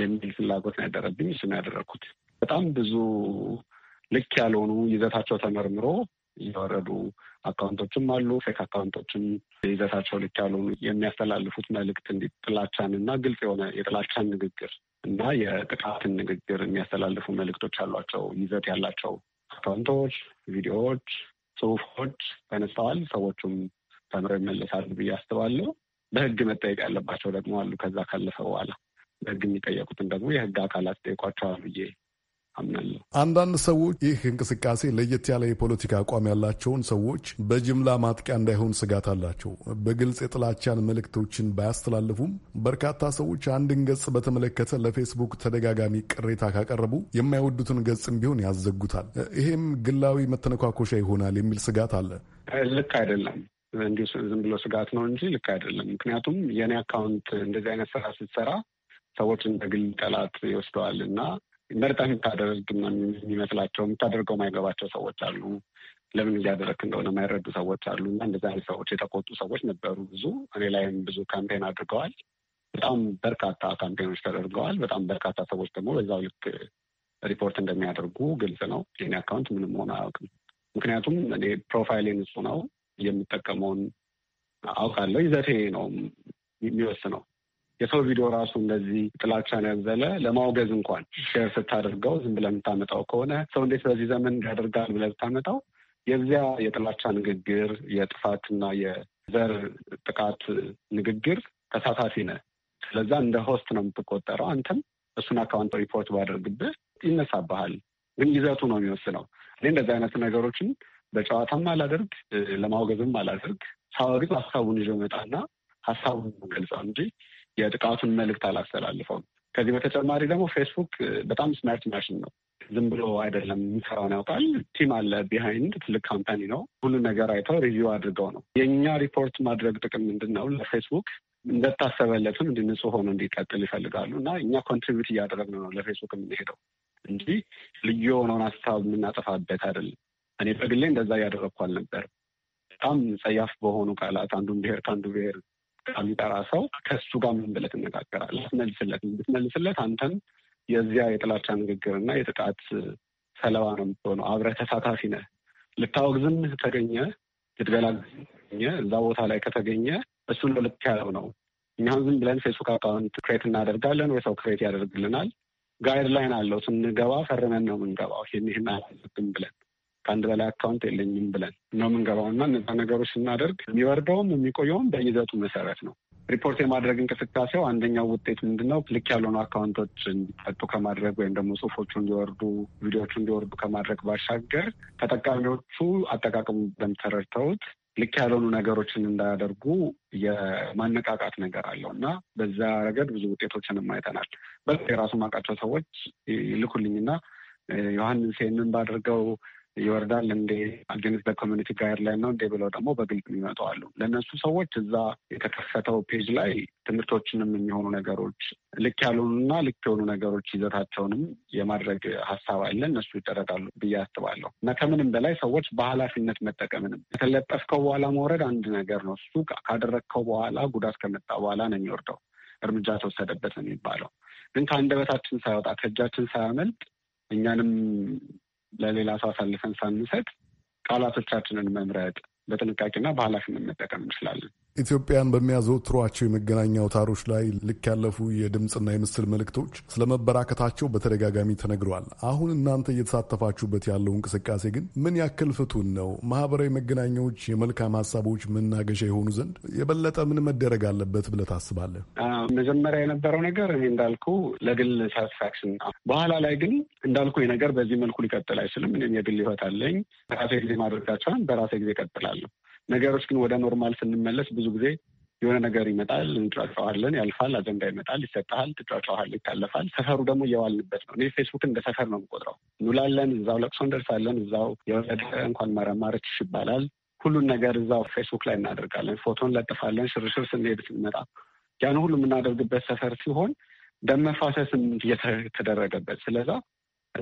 የሚል ፍላጎት ያደረብኝ። እሱን ያደረግኩት። በጣም ብዙ ልክ ያልሆኑ ይዘታቸው ተመርምሮ እየወረዱ አካውንቶችም አሉ። ፌክ አካውንቶችም ይዘታቸው ልክ ያልሆኑ የሚያስተላልፉት መልእክት እንዲ ጥላቻን እና ግልጽ የሆነ የጥላቻን ንግግር እና የጥቃትን ንግግር የሚያስተላልፉ መልእክቶች ያሏቸው ይዘት ያላቸው አካውንቶች፣ ቪዲዮዎች፣ ጽሁፎች ተነስተዋል። ሰዎቹም ተምረው ይመለሳሉ ብዬ አስባለሁ። በህግ መጠየቅ ያለባቸው ደግሞ አሉ። ከዛ ካለፈ በኋላ በህግ የሚጠየቁትን ደግሞ የህግ አካላት ጠይቋቸዋል ብዬ አንዳንድ ሰዎች ይህ እንቅስቃሴ ለየት ያለ የፖለቲካ አቋም ያላቸውን ሰዎች በጅምላ ማጥቂያ እንዳይሆን ስጋት አላቸው። በግልጽ የጥላቻን መልእክቶችን ባያስተላልፉም በርካታ ሰዎች አንድን ገጽ በተመለከተ ለፌስቡክ ተደጋጋሚ ቅሬታ ካቀረቡ የማይወዱትን ገጽም ቢሆን ያዘጉታል። ይሄም ግላዊ መተነኳኮሻ ይሆናል የሚል ስጋት አለ። ልክ አይደለም። እንዲሁ ዝም ብሎ ስጋት ነው እንጂ ልክ አይደለም። ምክንያቱም የኔ አካውንት እንደዚህ አይነት ስራ ስትሰራ ሰዎች እንደ ግል ጠላት ይወስደዋል እና መርጠህ የምታደርግ የሚመስላቸው የምታደርገው ማይገባቸው ሰዎች አሉ። ለምን እያደረክ እንደሆነ የማይረዱ ሰዎች አሉ እና እንደዚህ አይነት ሰዎች የተቆጡ ሰዎች ነበሩ ብዙ። እኔ ላይም ብዙ ካምፔን አድርገዋል። በጣም በርካታ ካምፔኖች ተደርገዋል። በጣም በርካታ ሰዎች ደግሞ በዛው ልክ ሪፖርት እንደሚያደርጉ ግልጽ ነው። የኔ አካውንት ምንም ሆነ አያውቅም። ምክንያቱም እኔ ፕሮፋይሌ ንጹህ ነው። የምጠቀመውን አውቃለሁ። ይዘቴ ነው የሚወስነው። የሰው ቪዲዮ ራሱ እንደዚህ ጥላቻን ያዘለ ለማውገዝ እንኳን ሼር ስታደርገው ዝም ብለህ የምታመጣው ከሆነ ሰው እንዴት በዚህ ዘመን እንዲያደርጋል ብለህ ብታመጣው የዚያ የጥላቻ ንግግር የጥፋትና የዘር ጥቃት ንግግር ተሳታፊ ነህ። ስለዛ እንደ ሆስት ነው የምትቆጠረው። አንተም እሱን አካውንት ሪፖርት ባደርግብህ ይነሳብሃል። ግን ይዘቱ ነው የሚወስነው። እኔ እንደዚህ አይነት ነገሮችን በጨዋታም አላደርግ ለማውገዝም አላደርግ ሳወግዝ ሀሳቡን ይዞ መጣና ሀሳቡን ገልጻ እንጂ የጥቃቱን መልእክት አላስተላልፈውም። ከዚህ በተጨማሪ ደግሞ ፌስቡክ በጣም ስማርት ማሽን ነው። ዝም ብሎ አይደለም የሚሰራውን ያውቃል። ቲም አለ ቢሃይንድ ትልቅ ካምፓኒ ነው። ሁሉ ነገር አይተው ሪቪው አድርገው ነው። የእኛ ሪፖርት ማድረግ ጥቅም ምንድን ነው? ለፌስቡክ እንደታሰበለትም ንጹህ ሆኖ እንዲቀጥል ይፈልጋሉ እና እኛ ኮንትሪቢዩት እያደረግን ነው ለፌስቡክ የምንሄደው እንጂ ልዩ የሆነውን ሀሳብ የምናጠፋበት አይደለም። እኔ በግሌ እንደዛ እያደረግኩ አልነበርም። በጣም ጸያፍ በሆኑ ቃላት አንዱን ብሄር ከአንዱ ብሄር ከሚጠራ ሰው ከሱ ጋር ምን ብለህ ትነጋገራለህ? አትመልስለት። ብትመልስለት አንተን የዚያ የጥላቻ ንግግርና የጥቃት ሰለባ ነው የምትሆነው። አብረህ ተሳታፊ ነህ። ልታወግዝም ተገኘ ልትገላገኘ እዛ ቦታ ላይ ከተገኘ እሱ ነው ልክ ያለው ነው። እኛም ዝም ብለን ፌስቡክ አካውንት ክሬት እናደርጋለን ወይ ሰው ክሬት ያደርግልናል። ጋይድላይን አለው ስንገባ ፈርመን ነው የምንገባው ይህን ብለን ከአንድ በላይ አካውንት የለኝም ብለን ነው የምንገባው እና እነዛ ነገሮች ስናደርግ የሚወርደውም የሚቆየውም በይዘቱ መሰረት ነው። ሪፖርት የማድረግ እንቅስቃሴው አንደኛው ውጤት ምንድን ነው? ክሊክ ያልሆኑ አካውንቶች እንዲጠጡ ከማድረግ ወይም ደግሞ ጽሁፎቹ እንዲወርዱ፣ ቪዲዮቹ እንዲወርዱ ከማድረግ ባሻገር ተጠቃሚዎቹ አጠቃቀሙ በምተረድተውት ልክ ያልሆኑ ነገሮችን እንዳያደርጉ የማነቃቃት ነገር አለው እና በዛ ረገድ ብዙ ውጤቶችንም አይተናል። በ የራሱ ማውቃቸው ሰዎች ይልኩልኝና ዮሐንስ ይህንን ባድርገው ይወርዳል እንዴ አገንስ በኮሚኒቲ ጋይድ ላይ ነው እንዴ ብለው ደግሞ በግልጽ የሚመጡ አሉ። ለእነሱ ሰዎች እዛ የተከፈተው ፔጅ ላይ ትምህርቶችንም የሚሆኑ ነገሮች ልክ ያልሆኑና ልክ የሆኑ ነገሮች ይዘታቸውንም የማድረግ ሀሳብ አለ። እነሱ ይደረጋሉ ብዬ አስባለሁ። እና ከምንም በላይ ሰዎች በኃላፊነት መጠቀምንም ከተለጠፍከው በኋላ መውረድ አንድ ነገር ነው። እሱ ካደረግከው በኋላ ጉዳት ከመጣ በኋላ ነው የሚወርደው እርምጃ ተወሰደበት ነው የሚባለው። ግን ከአንደበታችን ሳይወጣ ከእጃችን ሳያመልጥ እኛንም ለሌላ ሰው አሳልፈን ሳንሰጥ ቃላቶቻችንን መምረጥ በጥንቃቄና በኃላፊነት መጠቀም እንችላለን። ኢትዮጵያን በሚያዘወትሯቸው የመገናኛ አውታሮች ላይ ልክ ያለፉ የድምፅና የምስል መልእክቶች ስለመበራከታቸው በተደጋጋሚ ተነግረዋል። አሁን እናንተ እየተሳተፋችሁበት ያለው እንቅስቃሴ ግን ምን ያክል ፍቱን ነው? ማህበራዊ መገናኛዎች የመልካም ሀሳቦች መናገሻ የሆኑ ዘንድ የበለጠ ምን መደረግ አለበት ብለህ ታስባለህ? መጀመሪያ የነበረው ነገር እኔ እንዳልኩ ለግል ሳትስፋክሽን፣ በኋላ ላይ ግን እንዳልኩ ነገር በዚህ መልኩ ሊቀጥል አይችልም። እኔም የግል ህይወት አለኝ። በራሴ ጊዜ ማድረጋቸዋን በራሴ ጊዜ እቀጥላለሁ። ነገሮች ግን ወደ ኖርማል ስንመለስ ብዙ ጊዜ የሆነ ነገር ይመጣል፣ እንጫጫዋለን፣ ያልፋል። አጀንዳ ይመጣል፣ ይሰጠሃል፣ ትጫጫዋል፣ ይታለፋል። ሰፈሩ ደግሞ እየዋልንበት ነው። እኔ ፌስቡክ እንደ ሰፈር ነው የምቆጥረው። እንውላለን፣ እዛው ለቅሶ እንደርሳለን፣ እዛው የወለደ እንኳን መረማረች ይባላል። ሁሉን ነገር እዛው ፌስቡክ ላይ እናደርጋለን፣ ፎቶን ለጥፋለን፣ ሽርሽር ስንሄድ ስንመጣ፣ ያን ሁሉ የምናደርግበት ሰፈር ሲሆን ደም መፋሰስም እየተደረገበት ስለዛ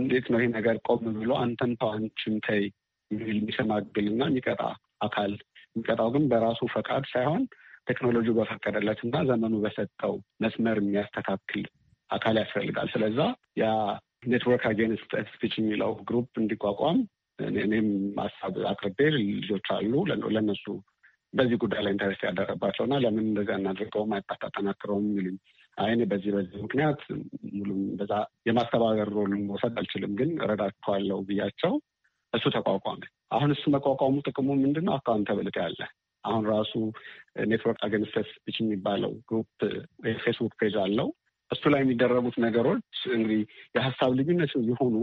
እንዴት ነው ይህ ነገር ቆም ብሎ አንተን ተው አንቺም ተይ የሚል የሚሸማግልና የሚቀጣ አካል የሚቀጣው ግን በራሱ ፈቃድ ሳይሆን ቴክኖሎጂ በፈቀደለት እና ዘመኑ በሰጠው መስመር የሚያስተካክል አካል ያስፈልጋል። ስለዛ ያ ኔትወርክ አጌንስት ስፒች የሚለው ግሩፕ እንዲቋቋም እኔም ሀሳብ አቅርቤ ልጆች አሉ ለእነሱ በዚህ ጉዳይ ላይ ኢንተረስት ያደረባቸው እና ለምን እንደዚያ እናድርገውም አታጠናክረውም የሚሉኝ አይን በዚህ በዚህ ምክንያት ሙሉም በዛ የማስተባበር ሮል መውሰድ አልችልም፣ ግን ረዳቸዋለው ብያቸው እሱ ተቋቋመ። አሁን እሱ መቋቋሙ ጥቅሙ ምንድን ነው? አካውንታብሊቲ አለ። አሁን ራሱ ኔትወርክ አገንስተስ ች የሚባለው ግሩፕ ፌስቡክ ፔጅ አለው። እሱ ላይ የሚደረጉት ነገሮች እንግዲህ የሀሳብ ልዩነት የሆኑ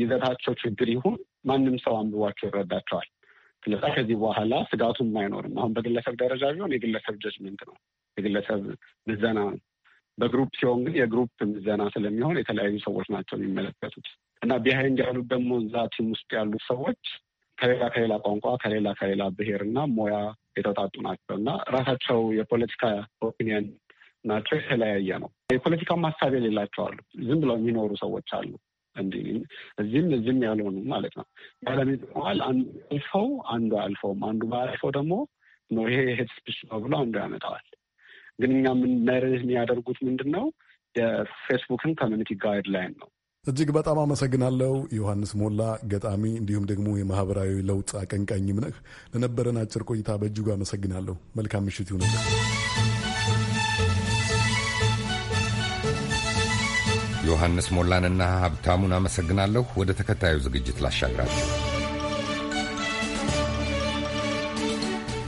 ይዘታቸው ችግር ይሁን ማንም ሰው አንብቧቸው ይረዳቸዋል። ስለዛ ከዚህ በኋላ ስጋቱም አይኖርም። አሁን በግለሰብ ደረጃ ቢሆን የግለሰብ ጀጅመንት ነው፣ የግለሰብ ምዘና ነው። በግሩፕ ሲሆን ግን የግሩፕ ምዘና ስለሚሆን የተለያዩ ሰዎች ናቸው የሚመለከቱት። እና ቢሃይንድ ያሉ ደግሞ እዛ ቲም ውስጥ ያሉት ሰዎች ከሌላ ከሌላ ቋንቋ ከሌላ ከሌላ ብሔር እና ሞያ የተውጣጡ ናቸው እና ራሳቸው የፖለቲካ ኦፒኒየን ናቸው የተለያየ ነው። የፖለቲካ ማሳቢ የሌላቸው አሉ። ዝም ብለው የሚኖሩ ሰዎች አሉ። እንዲህ እዚህም እዚህም ያልሆኑ ማለት ነው። ያለሚል አንዱ አልፈው አንዱ አልፈውም አንዱ ባልፈው ደግሞ ነው ይሄ ሄት ስፒች ነው ብሎ አንዱ ያመጣዋል። ግን እኛ መርህ የሚያደርጉት ምንድን ነው? የፌስቡክን ኮሚኒቲ ጋይድላይን ነው እጅግ በጣም አመሰግናለሁ። ዮሐንስ ሞላ ገጣሚ፣ እንዲሁም ደግሞ የማህበራዊ ለውጥ አቀንቃኝም ነህ። ለነበረን አጭር ቆይታ በእጅጉ አመሰግናለሁ። መልካም ምሽት ይሁን። ዮሐንስ ሞላንና ሀብታሙን አመሰግናለሁ። ወደ ተከታዩ ዝግጅት ላሻግራችሁ።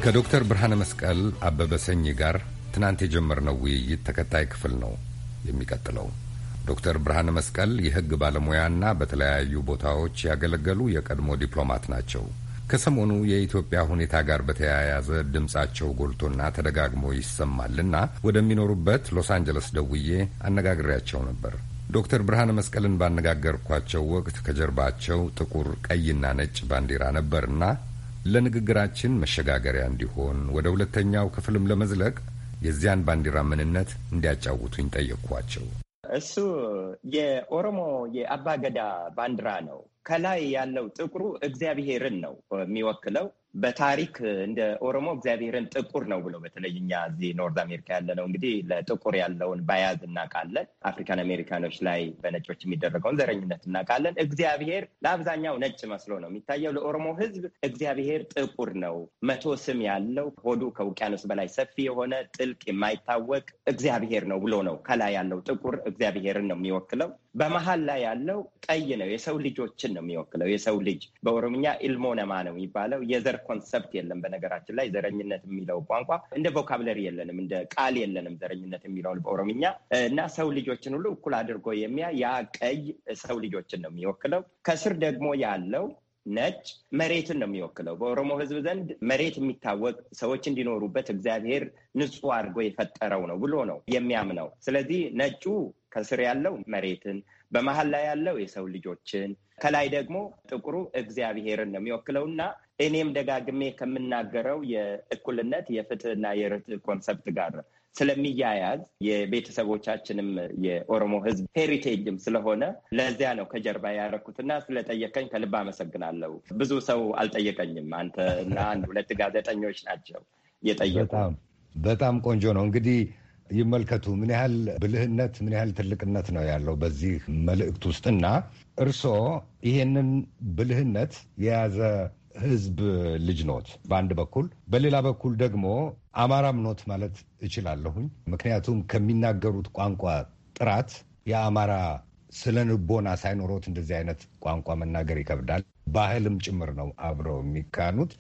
ከዶክተር ብርሃነ መስቀል አበበ ሰኝ ጋር ትናንት የጀመርነው ውይይት ተከታይ ክፍል ነው የሚቀጥለው። ዶክተር ብርሃነ መስቀል የህግ ባለሙያና በተለያዩ ቦታዎች ያገለገሉ የቀድሞ ዲፕሎማት ናቸው። ከሰሞኑ የኢትዮጵያ ሁኔታ ጋር በተያያዘ ድምጻቸው ጎልቶና ተደጋግሞ ይሰማልና ወደሚኖሩበት ሎስ አንጀለስ ደውዬ አነጋግሬያቸው ነበር። ዶክተር ብርሃነ መስቀልን ባነጋገርኳቸው ወቅት ከጀርባቸው ጥቁር ቀይና ነጭ ባንዲራ ነበርና ለንግግራችን መሸጋገሪያ እንዲሆን ወደ ሁለተኛው ክፍልም ለመዝለቅ የዚያን ባንዲራ ምንነት እንዲያጫውቱኝ ጠየቅኳቸው። እሱ የኦሮሞ የአባገዳ ባንዲራ ነው። ከላይ ያለው ጥቁሩ እግዚአብሔርን ነው የሚወክለው። በታሪክ እንደ ኦሮሞ እግዚአብሔርን ጥቁር ነው ብሎ በተለይ እኛ እዚህ ኖርዝ አሜሪካ ያለ ነው እንግዲህ ለጥቁር ያለውን ባያዝ እናውቃለን። አፍሪካን አሜሪካኖች ላይ በነጮች የሚደረገውን ዘረኝነት እናውቃለን። እግዚአብሔር ለአብዛኛው ነጭ መስሎ ነው የሚታየው። ለኦሮሞ ሕዝብ እግዚአብሔር ጥቁር ነው፣ መቶ ስም ያለው ሆዱ ከውቅያኖስ በላይ ሰፊ የሆነ ጥልቅ የማይታወቅ እግዚአብሔር ነው ብሎ ነው ከላይ ያለው ጥቁር እግዚአብሔርን ነው የሚወክለው። በመሀል ላይ ያለው ቀይ ነው። የሰው ልጆችን ነው የሚወክለው። የሰው ልጅ በኦሮምኛ ኢልሞነማ ነው የሚባለው። የዘር ኮንሰፕት የለም። በነገራችን ላይ ዘረኝነት የሚለው ቋንቋ እንደ ቮካብለሪ የለንም፣ እንደ ቃል የለንም። ዘረኝነት የሚለውን በኦሮምኛ እና ሰው ልጆችን ሁሉ እኩል አድርጎ የሚያ ያ ቀይ ሰው ልጆችን ነው የሚወክለው። ከስር ደግሞ ያለው ነጭ መሬትን ነው የሚወክለው። በኦሮሞ ሕዝብ ዘንድ መሬት የሚታወቅ ሰዎች እንዲኖሩበት እግዚአብሔር ንጹህ አድርጎ የፈጠረው ነው ብሎ ነው የሚያምነው። ስለዚህ ነጩ ከስር ያለው መሬትን፣ በመሀል ላይ ያለው የሰው ልጆችን፣ ከላይ ደግሞ ጥቁሩ እግዚአብሔርን ነው የሚወክለው እና እኔም ደጋግሜ ከምናገረው የእኩልነት የፍትህና የርትዕ ኮንሰፕት ጋር ስለሚያያዝ የቤተሰቦቻችንም የኦሮሞ ሕዝብ ሄሪቴጅም ስለሆነ ለዚያ ነው ከጀርባ ያደረኩትና ስለጠየቀኝ ከልብ አመሰግናለሁ። ብዙ ሰው አልጠየቀኝም። አንተ እና አንድ ሁለት ጋዜጠኞች ናቸው የጠየቁ። በጣም ቆንጆ ነው እንግዲህ ይመልከቱ። ምን ያህል ብልህነት፣ ምን ያህል ትልቅነት ነው ያለው በዚህ መልእክት ውስጥ ውስጥና እርስዎ ይሄንን ብልህነት የያዘ ህዝብ ልጅ ኖት በአንድ በኩል፣ በሌላ በኩል ደግሞ አማራም ኖት ማለት እችላለሁኝ። ምክንያቱም ከሚናገሩት ቋንቋ ጥራት የአማራ ስለ ንቦና ሳይኖሮት እንደዚህ አይነት ቋንቋ መናገር ይከብዳል። ባህልም ጭምር ነው አብረው የሚካኑት።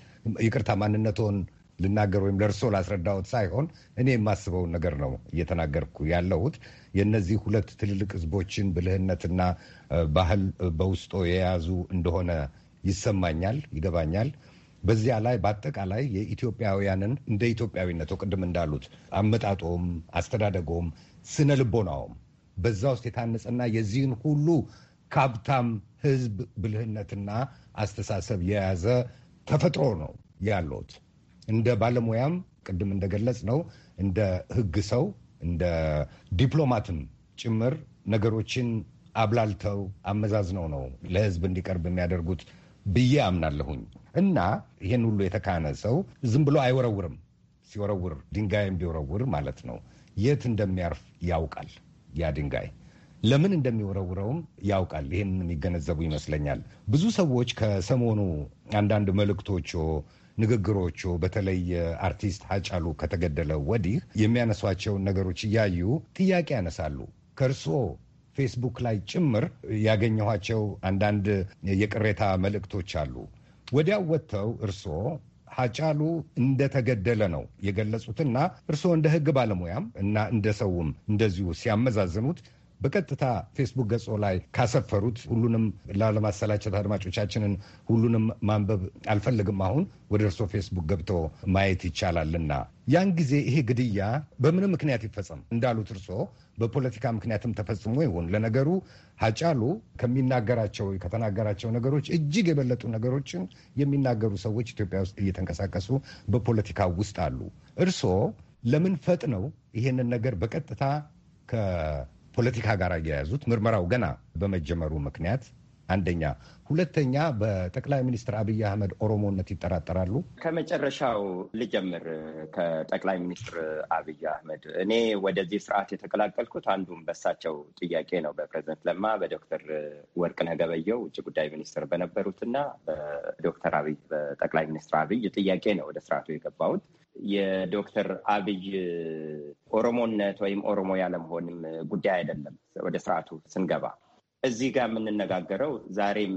ይቅርታ ማንነትን ልናገር ወይም ለእርሶ ላስረዳውት ሳይሆን እኔ የማስበውን ነገር ነው እየተናገርኩ ያለሁት። የእነዚህ ሁለት ትልልቅ ህዝቦችን ብልህነትና ባህል በውስጦ የያዙ እንደሆነ ይሰማኛል፣ ይገባኛል። በዚያ ላይ በአጠቃላይ የኢትዮጵያውያንን እንደ ኢትዮጵያዊነት ቅድም እንዳሉት አመጣጦም፣ አስተዳደጎም፣ ስነ ልቦናውም በዛ ውስጥ የታነጸና የዚህን ሁሉ ካብታም ህዝብ ብልህነትና አስተሳሰብ የያዘ ተፈጥሮ ነው ያለት። እንደ ባለሙያም ቅድም እንደገለጽ ነው እንደ ህግ ሰው እንደ ዲፕሎማትም ጭምር ነገሮችን አብላልተው አመዛዝነው ነው ለህዝብ እንዲቀርብ የሚያደርጉት ብዬ አምናለሁኝ። እና ይህን ሁሉ የተካነ ሰው ዝም ብሎ አይወረውርም። ሲወረውር ድንጋይም ቢወረውር ማለት ነው የት እንደሚያርፍ ያውቃል። ያ ድንጋይ ለምን እንደሚወረውረውም ያውቃል። ይህን የሚገነዘቡ ይመስለኛል ብዙ ሰዎች ከሰሞኑ አንዳንድ መልእክቶች ንግግሮቹ በተለይ አርቲስት ሀጫሉ ከተገደለ ወዲህ የሚያነሷቸውን ነገሮች እያዩ ጥያቄ ያነሳሉ። ከእርስዎ ፌስቡክ ላይ ጭምር ያገኘኋቸው አንዳንድ የቅሬታ መልእክቶች አሉ። ወዲያው ወጥተው እርስዎ ሀጫሉ እንደተገደለ ነው የገለጹትና እርስዎ እንደ ሕግ ባለሙያም እና እንደ ሰውም እንደዚሁ ሲያመዛዝኑት በቀጥታ ፌስቡክ ገጾ ላይ ካሰፈሩት ሁሉንም ላለማሰላቸት አድማጮቻችንን ሁሉንም ማንበብ አልፈልግም። አሁን ወደ እርሶ ፌስቡክ ገብቶ ማየት ይቻላልና ያን ጊዜ ይሄ ግድያ በምንም ምክንያት ይፈጸም እንዳሉት እርሶ በፖለቲካ ምክንያትም ተፈጽሞ ይሆን? ለነገሩ ሀጫሉ ከሚናገራቸው ከተናገራቸው ነገሮች እጅግ የበለጡ ነገሮችን የሚናገሩ ሰዎች ኢትዮጵያ ውስጥ እየተንቀሳቀሱ በፖለቲካ ውስጥ አሉ። እርሶ ለምን ፈጥነው ይሄንን ነገር በቀጥታ ፖለቲካ ጋር እያያዙት ምርመራው ገና በመጀመሩ ምክንያት አንደኛ። ሁለተኛ በጠቅላይ ሚኒስትር አብይ አህመድ ኦሮሞነት ይጠራጠራሉ? ከመጨረሻው ልጀምር። ከጠቅላይ ሚኒስትር አብይ አህመድ እኔ ወደዚህ ስርዓት የተቀላቀልኩት አንዱም በሳቸው ጥያቄ ነው። በፕሬዝደንት ለማ በዶክተር ወርቅነህ ገበየሁ ውጭ ጉዳይ ሚኒስትር በነበሩትና በዶክተር አብይ በጠቅላይ ሚኒስትር አብይ ጥያቄ ነው ወደ ስርዓቱ የገባሁት። የዶክተር አብይ ኦሮሞነት ወይም ኦሮሞ ያለመሆንም ጉዳይ አይደለም። ወደ ስርዓቱ ስንገባ እዚህ ጋር የምንነጋገረው ዛሬም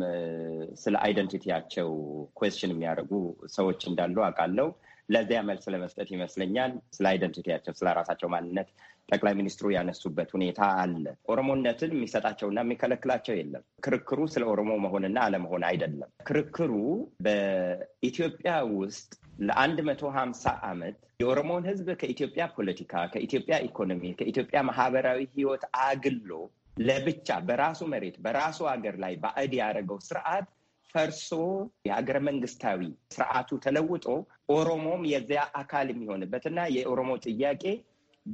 ስለ አይደንቲቲያቸው ኩዌስችን የሚያደርጉ ሰዎች እንዳሉ አውቃለሁ። ለዚያ መልስ ለመስጠት ይመስለኛል ስለ አይደንቲቲያቸው ስለ ራሳቸው ማንነት ጠቅላይ ሚኒስትሩ ያነሱበት ሁኔታ አለ። ኦሮሞነትን የሚሰጣቸውና የሚከለክላቸው የለም። ክርክሩ ስለ ኦሮሞ መሆንና አለመሆን አይደለም። ክርክሩ በኢትዮጵያ ውስጥ ለአንድ መቶ ሀምሳ ዓመት የኦሮሞን ሕዝብ ከኢትዮጵያ ፖለቲካ፣ ከኢትዮጵያ ኢኮኖሚ፣ ከኢትዮጵያ ማህበራዊ ህይወት አግሎ ለብቻ በራሱ መሬት በራሱ ሀገር ላይ ባዕድ ያደረገው ስርዓት ፈርሶ የሀገረ መንግስታዊ ስርዓቱ ተለውጦ ኦሮሞም የዚያ አካል የሚሆንበትና የኦሮሞ ጥያቄ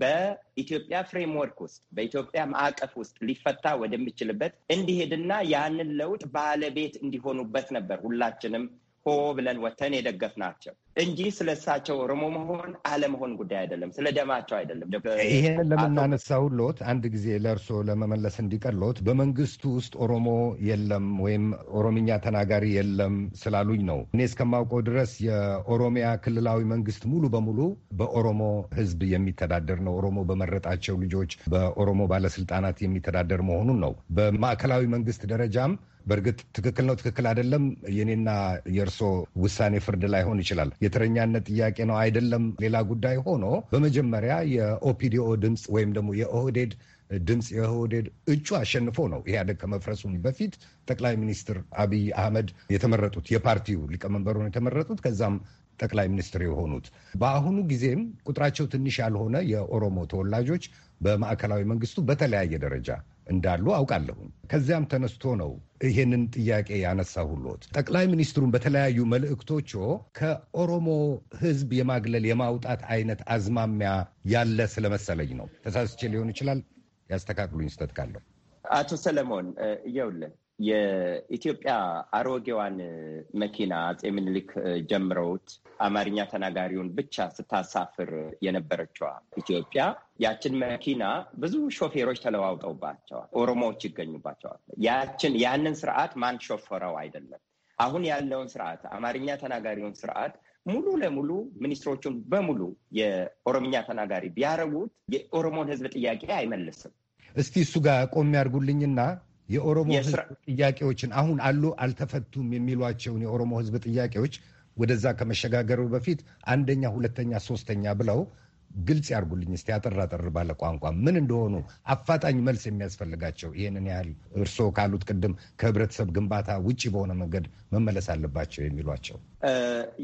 በኢትዮጵያ ፍሬምወርክ ውስጥ በኢትዮጵያ ማዕቀፍ ውስጥ ሊፈታ ወደሚችልበት እንዲሄድና ያንን ለውጥ ባለቤት እንዲሆኑበት ነበር ሁላችንም ሆ ብለን ወተን የደገፍ ናቸው። እንጂ ስለ እሳቸው ኦሮሞ መሆን አለመሆን ጉዳይ አይደለም። ስለ ደማቸው አይደለም። ይሄን ለምናነሳው ሎት አንድ ጊዜ ለእርሶ ለመመለስ እንዲቀሎት በመንግስቱ ውስጥ ኦሮሞ የለም ወይም ኦሮምኛ ተናጋሪ የለም ስላሉኝ ነው። እኔ እስከማውቀው ድረስ የኦሮሚያ ክልላዊ መንግስት ሙሉ በሙሉ በኦሮሞ ህዝብ የሚተዳደር ነው። ኦሮሞ በመረጣቸው ልጆች፣ በኦሮሞ ባለስልጣናት የሚተዳደር መሆኑን ነው። በማዕከላዊ መንግስት ደረጃም በእርግጥ ትክክል ነው ትክክል አይደለም የኔና የእርሶ ውሳኔ ፍርድ ላይሆን ይችላል። የእስረኛነት ጥያቄ ነው አይደለም ሌላ ጉዳይ ሆኖ በመጀመሪያ የኦፒዲኦ ድምፅ ወይም ደግሞ የኦህዴድ ድምፅ የኦህዴድ እጩ አሸንፎ ነው ኢህአዴግ ከመፍረሱም በፊት ጠቅላይ ሚኒስትር አብይ አህመድ የተመረጡት የፓርቲው ሊቀመንበሩ የተመረጡት ከዛም ጠቅላይ ሚኒስትር የሆኑት በአሁኑ ጊዜም ቁጥራቸው ትንሽ ያልሆነ የኦሮሞ ተወላጆች በማዕከላዊ መንግስቱ በተለያየ ደረጃ እንዳሉ አውቃለሁኝ። ከዚያም ተነስቶ ነው ይሄንን ጥያቄ ያነሳ ሁሎት ጠቅላይ ሚኒስትሩን በተለያዩ መልእክቶች ከኦሮሞ ሕዝብ የማግለል የማውጣት አይነት አዝማሚያ ያለ ስለመሰለኝ ነው። ተሳስቼ ሊሆን ይችላል። ያስተካክሉኝ ስህተት ካለው። አቶ ሰለሞን እየውልህ የኢትዮጵያ አሮጌዋን መኪና አጼ ምኒልክ ጀምረውት አማርኛ ተናጋሪውን ብቻ ስታሳፍር የነበረችዋ ኢትዮጵያ ያችን መኪና ብዙ ሾፌሮች ተለዋውጠውባቸዋል። ኦሮሞዎች ይገኙባቸዋል። ያችን ያንን ስርዓት ማን ሾፈረው አይደለም። አሁን ያለውን ስርዓት አማርኛ ተናጋሪውን ስርዓት ሙሉ ለሙሉ ሚኒስትሮቹን በሙሉ የኦሮምኛ ተናጋሪ ቢያረጉት የኦሮሞን ህዝብ ጥያቄ አይመልስም። እስቲ እሱ ጋር ቆም ያድርጉልኝና የኦሮሞ ህዝብ ጥያቄዎችን አሁን አሉ አልተፈቱም የሚሏቸውን የኦሮሞ ህዝብ ጥያቄዎች ወደዛ ከመሸጋገሩ በፊት አንደኛ፣ ሁለተኛ፣ ሶስተኛ ብለው ግልጽ ያርጉልኝ እስቲ አጠር አጠር ባለ ቋንቋ ምን እንደሆኑ አፋጣኝ መልስ የሚያስፈልጋቸው ይህንን ያህል እርስዎ ካሉት ቅድም ከህብረተሰብ ግንባታ ውጭ በሆነ መንገድ መመለስ አለባቸው የሚሏቸው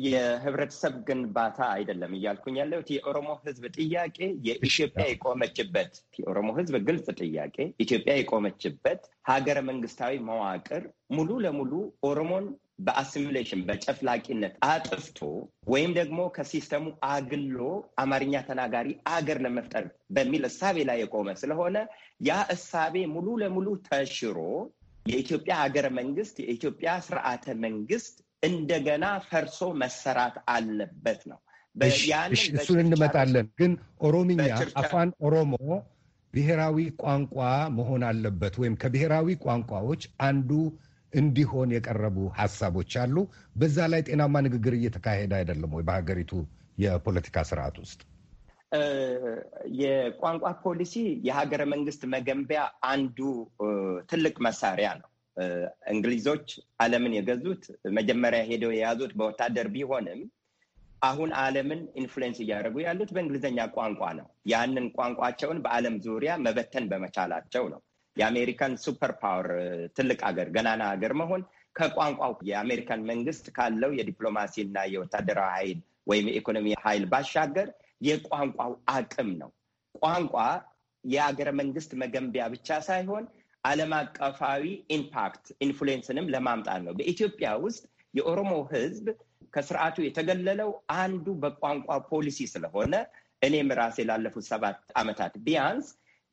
የህብረተሰብ ግንባታ አይደለም እያልኩኝ ያለሁት የኦሮሞ ህዝብ ጥያቄ የኢትዮጵያ የቆመችበት የኦሮሞ ህዝብ ግልጽ ጥያቄ ኢትዮጵያ የቆመችበት ሀገረ መንግስታዊ መዋቅር ሙሉ ለሙሉ ኦሮሞን በአሲሚሌሽን በጨፍላቂነት አጥፍቶ ወይም ደግሞ ከሲስተሙ አግሎ አማርኛ ተናጋሪ አገር ለመፍጠር በሚል እሳቤ ላይ የቆመ ስለሆነ ያ እሳቤ ሙሉ ለሙሉ ተሽሮ የኢትዮጵያ ሀገረ መንግስት የኢትዮጵያ ስርዓተ መንግስት እንደገና ፈርሶ መሰራት አለበት ነው። እሱን እንመጣለን። ግን ኦሮምኛ አፋን ኦሮሞ ብሔራዊ ቋንቋ መሆን አለበት ወይም ከብሔራዊ ቋንቋዎች አንዱ እንዲሆን የቀረቡ ሀሳቦች አሉ። በዛ ላይ ጤናማ ንግግር እየተካሄደ አይደለም ወይ? በሀገሪቱ የፖለቲካ ስርዓት ውስጥ የቋንቋ ፖሊሲ የሀገረ መንግስት መገንቢያ አንዱ ትልቅ መሳሪያ ነው። እንግሊዞች ዓለምን የገዙት መጀመሪያ ሄደው የያዙት በወታደር ቢሆንም አሁን ዓለምን ኢንፍሉዌንስ እያደረጉ ያሉት በእንግሊዝኛ ቋንቋ ነው። ያንን ቋንቋቸውን በዓለም ዙሪያ መበተን በመቻላቸው ነው። የአሜሪካን ሱፐር ፓወር ትልቅ ሀገር ገናና ሀገር መሆን ከቋንቋው የአሜሪካን መንግስት ካለው የዲፕሎማሲና የወታደራዊ ኃይል ወይም የኢኮኖሚ ኃይል ባሻገር የቋንቋው አቅም ነው። ቋንቋ የአገረ መንግስት መገንቢያ ብቻ ሳይሆን ዓለም አቀፋዊ ኢምፓክት ኢንፍሉዌንስንም ለማምጣት ነው። በኢትዮጵያ ውስጥ የኦሮሞ ህዝብ ከስርዓቱ የተገለለው አንዱ በቋንቋ ፖሊሲ ስለሆነ እኔም ራሴ ላለፉት ሰባት ዓመታት ቢያንስ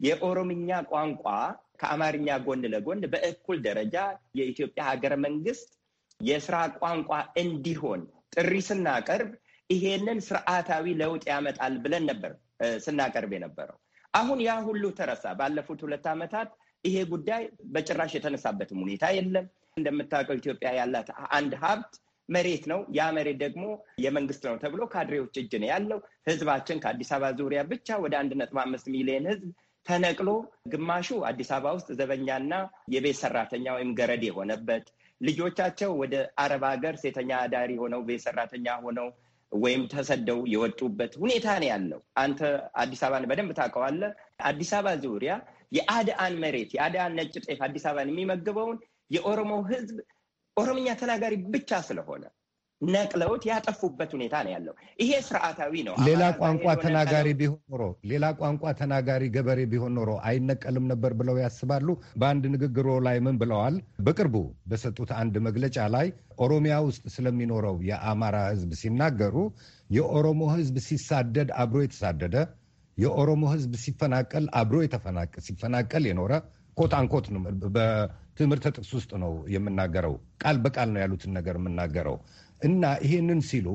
የኦሮምኛ ቋንቋ ከአማርኛ ጎን ለጎን በእኩል ደረጃ የኢትዮጵያ ሀገረ መንግስት የስራ ቋንቋ እንዲሆን ጥሪ ስናቀርብ ይሄንን ስርዓታዊ ለውጥ ያመጣል ብለን ነበር ስናቀርብ የነበረው። አሁን ያ ሁሉ ተረሳ። ባለፉት ሁለት ዓመታት ይሄ ጉዳይ በጭራሽ የተነሳበትም ሁኔታ የለም። እንደምታውቀው ኢትዮጵያ ያላት አንድ ሀብት መሬት ነው። ያ መሬት ደግሞ የመንግስት ነው ተብሎ ካድሬዎች እጅ ነው ያለው። ህዝባችን ከአዲስ አበባ ዙሪያ ብቻ ወደ አንድ ነጥብ አምስት ሚሊዮን ህዝብ ተነቅሎ ግማሹ አዲስ አበባ ውስጥ ዘበኛና የቤት ሰራተኛ ወይም ገረድ የሆነበት ልጆቻቸው ወደ አረብ ሀገር ሴተኛ አዳሪ ሆነው ቤት ሰራተኛ ሆነው ወይም ተሰደው የወጡበት ሁኔታ ነው ያለው። አንተ አዲስ አበባን በደንብ ታውቀዋለህ። አዲስ አበባ ዙሪያ የአድአን መሬት የአድአን ነጭ ጤፍ አዲስ አበባን የሚመግበውን የኦሮሞ ሕዝብ ኦሮምኛ ተናጋሪ ብቻ ስለሆነ ነቅለውት ያጠፉበት ሁኔታ ነው ያለው። ይሄ ስርዓታዊ ነው። ሌላ ቋንቋ ተናጋሪ ቢሆን ኖሮ ሌላ ቋንቋ ተናጋሪ ገበሬ ቢሆን ኖሮ አይነቀልም ነበር ብለው ያስባሉ። በአንድ ንግግሮ ላይ ምን ብለዋል? በቅርቡ በሰጡት አንድ መግለጫ ላይ ኦሮሚያ ውስጥ ስለሚኖረው የአማራ ህዝብ ሲናገሩ የኦሮሞ ህዝብ ሲሳደድ አብሮ የተሳደደ የኦሮሞ ህዝብ ሲፈናቀል አብሮ ሲፈናቀል የኖረ ኮት አንኮት በትምህርት ጥቅስ ውስጥ ነው የምናገረው። ቃል በቃል ነው ያሉትን ነገር የምናገረው እና ይህንን ሲሉ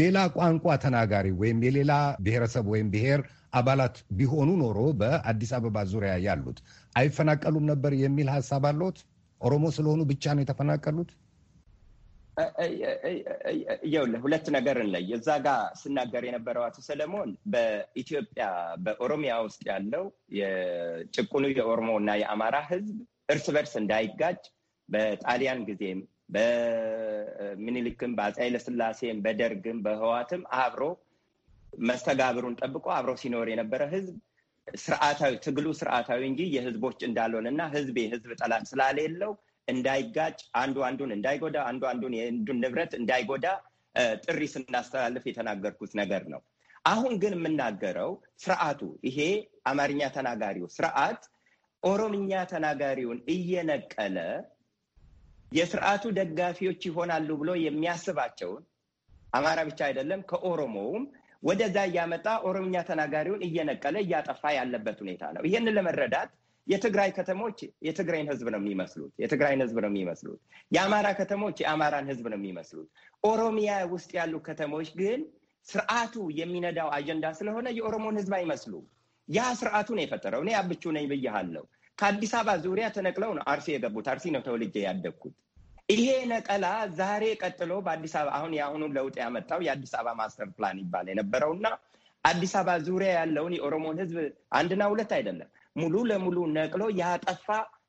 ሌላ ቋንቋ ተናጋሪ ወይም የሌላ ብሔረሰብ ወይም ብሔር አባላት ቢሆኑ ኖሮ በአዲስ አበባ ዙሪያ ያሉት አይፈናቀሉም ነበር የሚል ሀሳብ አለት ኦሮሞ ስለሆኑ ብቻ ነው የተፈናቀሉት? ይኸውልህ ሁለት ነገር እንለይ። እዛ ጋ ስናገር የነበረው አቶ ሰለሞን በኢትዮጵያ በኦሮሚያ ውስጥ ያለው የጭቁኑ የኦሮሞ እና የአማራ ህዝብ እርስ በርስ እንዳይጋጭ በጣሊያን ጊዜም በምኒልክም በአፄ ኃይለስላሴም በደርግም በህዋትም አብሮ መስተጋብሩን ጠብቆ አብሮ ሲኖር የነበረ ህዝብ ስርዓታዊ ትግሉ ስርዓታዊ እንጂ የህዝቦች እንዳልሆነ እና ህዝብ የህዝብ ጠላት ስላሌለው እንዳይጋጭ አንዱ አንዱን እንዳይጎዳ አንዱ አንዱን የንዱን ንብረት እንዳይጎዳ ጥሪ ስናስተላልፍ የተናገርኩት ነገር ነው። አሁን ግን የምናገረው ስርዓቱ ይሄ አማርኛ ተናጋሪው ስርዓት ኦሮምኛ ተናጋሪውን እየነቀለ የስርዓቱ ደጋፊዎች ይሆናሉ ብሎ የሚያስባቸውን አማራ ብቻ አይደለም ከኦሮሞውም ወደዛ እያመጣ ኦሮምኛ ተናጋሪውን እየነቀለ እያጠፋ ያለበት ሁኔታ ነው። ይህንን ለመረዳት የትግራይ ከተሞች የትግራይን ህዝብ ነው የሚመስሉት፣ የትግራይን ህዝብ ነው የሚመስሉት። የአማራ ከተሞች የአማራን ህዝብ ነው የሚመስሉት። ኦሮሚያ ውስጥ ያሉ ከተሞች ግን ስርዓቱ የሚነዳው አጀንዳ ስለሆነ የኦሮሞን ህዝብ አይመስሉም። ያ ስርዓቱ ነው የፈጠረው። እኔ አብቹ ነኝ ብያሃለው። ከአዲስ አበባ ዙሪያ ተነቅለው ነው አርሲ የገቡት። አርሲ ነው ተወልጄ ያደግኩት። ይሄ ነቀላ ዛሬ ቀጥሎ በአዲስ አበባ አሁን የአሁኑ ለውጥ ያመጣው የአዲስ አበባ ማስተር ፕላን ይባል እና አዲስ አበባ ዙሪያ ያለውን የኦሮሞን ህዝብ አንድና ሁለት አይደለም ሙሉ ለሙሉ ነቅሎ ያጠፋ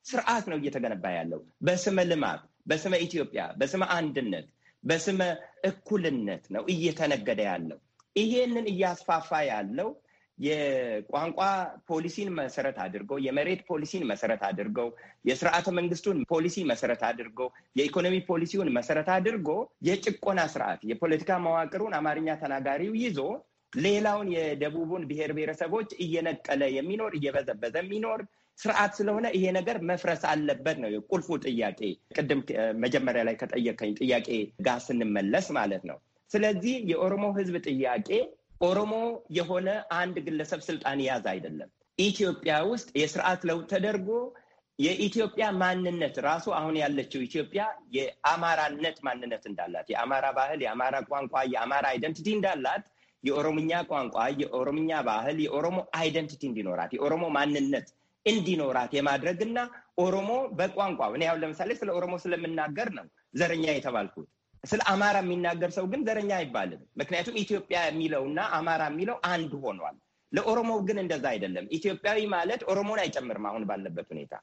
ስርዓት ነው እየተገነባ ያለው በስመ ልማት፣ በስመ ኢትዮጵያ፣ በስመ አንድነት፣ በስመ እኩልነት ነው እየተነገደ ያለው። ይሄንን እያስፋፋ ያለው የቋንቋ ፖሊሲን መሰረት አድርገው የመሬት ፖሊሲን መሰረት አድርገው የስርዓተ መንግስቱን ፖሊሲ መሰረት አድርገው የኢኮኖሚ ፖሊሲውን መሰረት አድርጎ የጭቆና ስርዓት የፖለቲካ መዋቅሩን አማርኛ ተናጋሪው ይዞ ሌላውን የደቡቡን ብሔር ብሔረሰቦች እየነቀለ የሚኖር እየበዘበዘ የሚኖር ስርዓት ስለሆነ ይሄ ነገር መፍረስ አለበት ነው የቁልፉ ጥያቄ። ቅድም መጀመሪያ ላይ ከጠየቀኝ ጥያቄ ጋር ስንመለስ ማለት ነው። ስለዚህ የኦሮሞ ህዝብ ጥያቄ ኦሮሞ የሆነ አንድ ግለሰብ ስልጣን የያዘ አይደለም። ኢትዮጵያ ውስጥ የስርዓት ለውጥ ተደርጎ የኢትዮጵያ ማንነት ራሱ አሁን ያለችው ኢትዮጵያ የአማራነት ማንነት እንዳላት የአማራ ባህል፣ የአማራ ቋንቋ፣ የአማራ አይደንቲቲ እንዳላት የኦሮምኛ ቋንቋ፣ የኦሮምኛ ባህል፣ የኦሮሞ አይደንቲቲ እንዲኖራት የኦሮሞ ማንነት እንዲኖራት የማድረግ እና ኦሮሞ በቋንቋ እኔ ያው ለምሳሌ ስለ ኦሮሞ ስለምናገር ነው ዘረኛ የተባልኩት ስለ አማራ የሚናገር ሰው ግን ዘረኛ አይባልም። ምክንያቱም ኢትዮጵያ የሚለው እና አማራ የሚለው አንድ ሆኗል። ለኦሮሞ ግን እንደዛ አይደለም። ኢትዮጵያዊ ማለት ኦሮሞን አይጨምርም። አሁን ባለበት ሁኔታ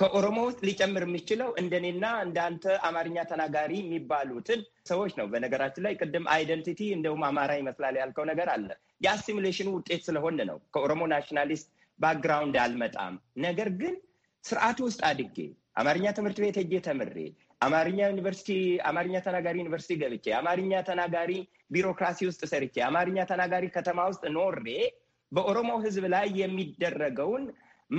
ከኦሮሞ ውስጥ ሊጨምር የሚችለው እንደኔና እንዳንተ አማርኛ ተናጋሪ የሚባሉትን ሰዎች ነው። በነገራችን ላይ ቅድም አይደንቲቲ እንደውም አማራ ይመስላል ያልከው ነገር አለ። የአሲሚሌሽኑ ውጤት ስለሆነ ነው። ከኦሮሞ ናሽናሊስት ባክግራውንድ አልመጣም። ነገር ግን ስርዓቱ ውስጥ አድጌ አማርኛ ትምህርት ቤት ሄጄ ተምሬ አማርኛ ዩኒቨርሲቲ አማርኛ ተናጋሪ ዩኒቨርሲቲ ገብቼ አማርኛ ተናጋሪ ቢሮክራሲ ውስጥ ሰርቼ አማርኛ ተናጋሪ ከተማ ውስጥ ኖሬ በኦሮሞ ሕዝብ ላይ የሚደረገውን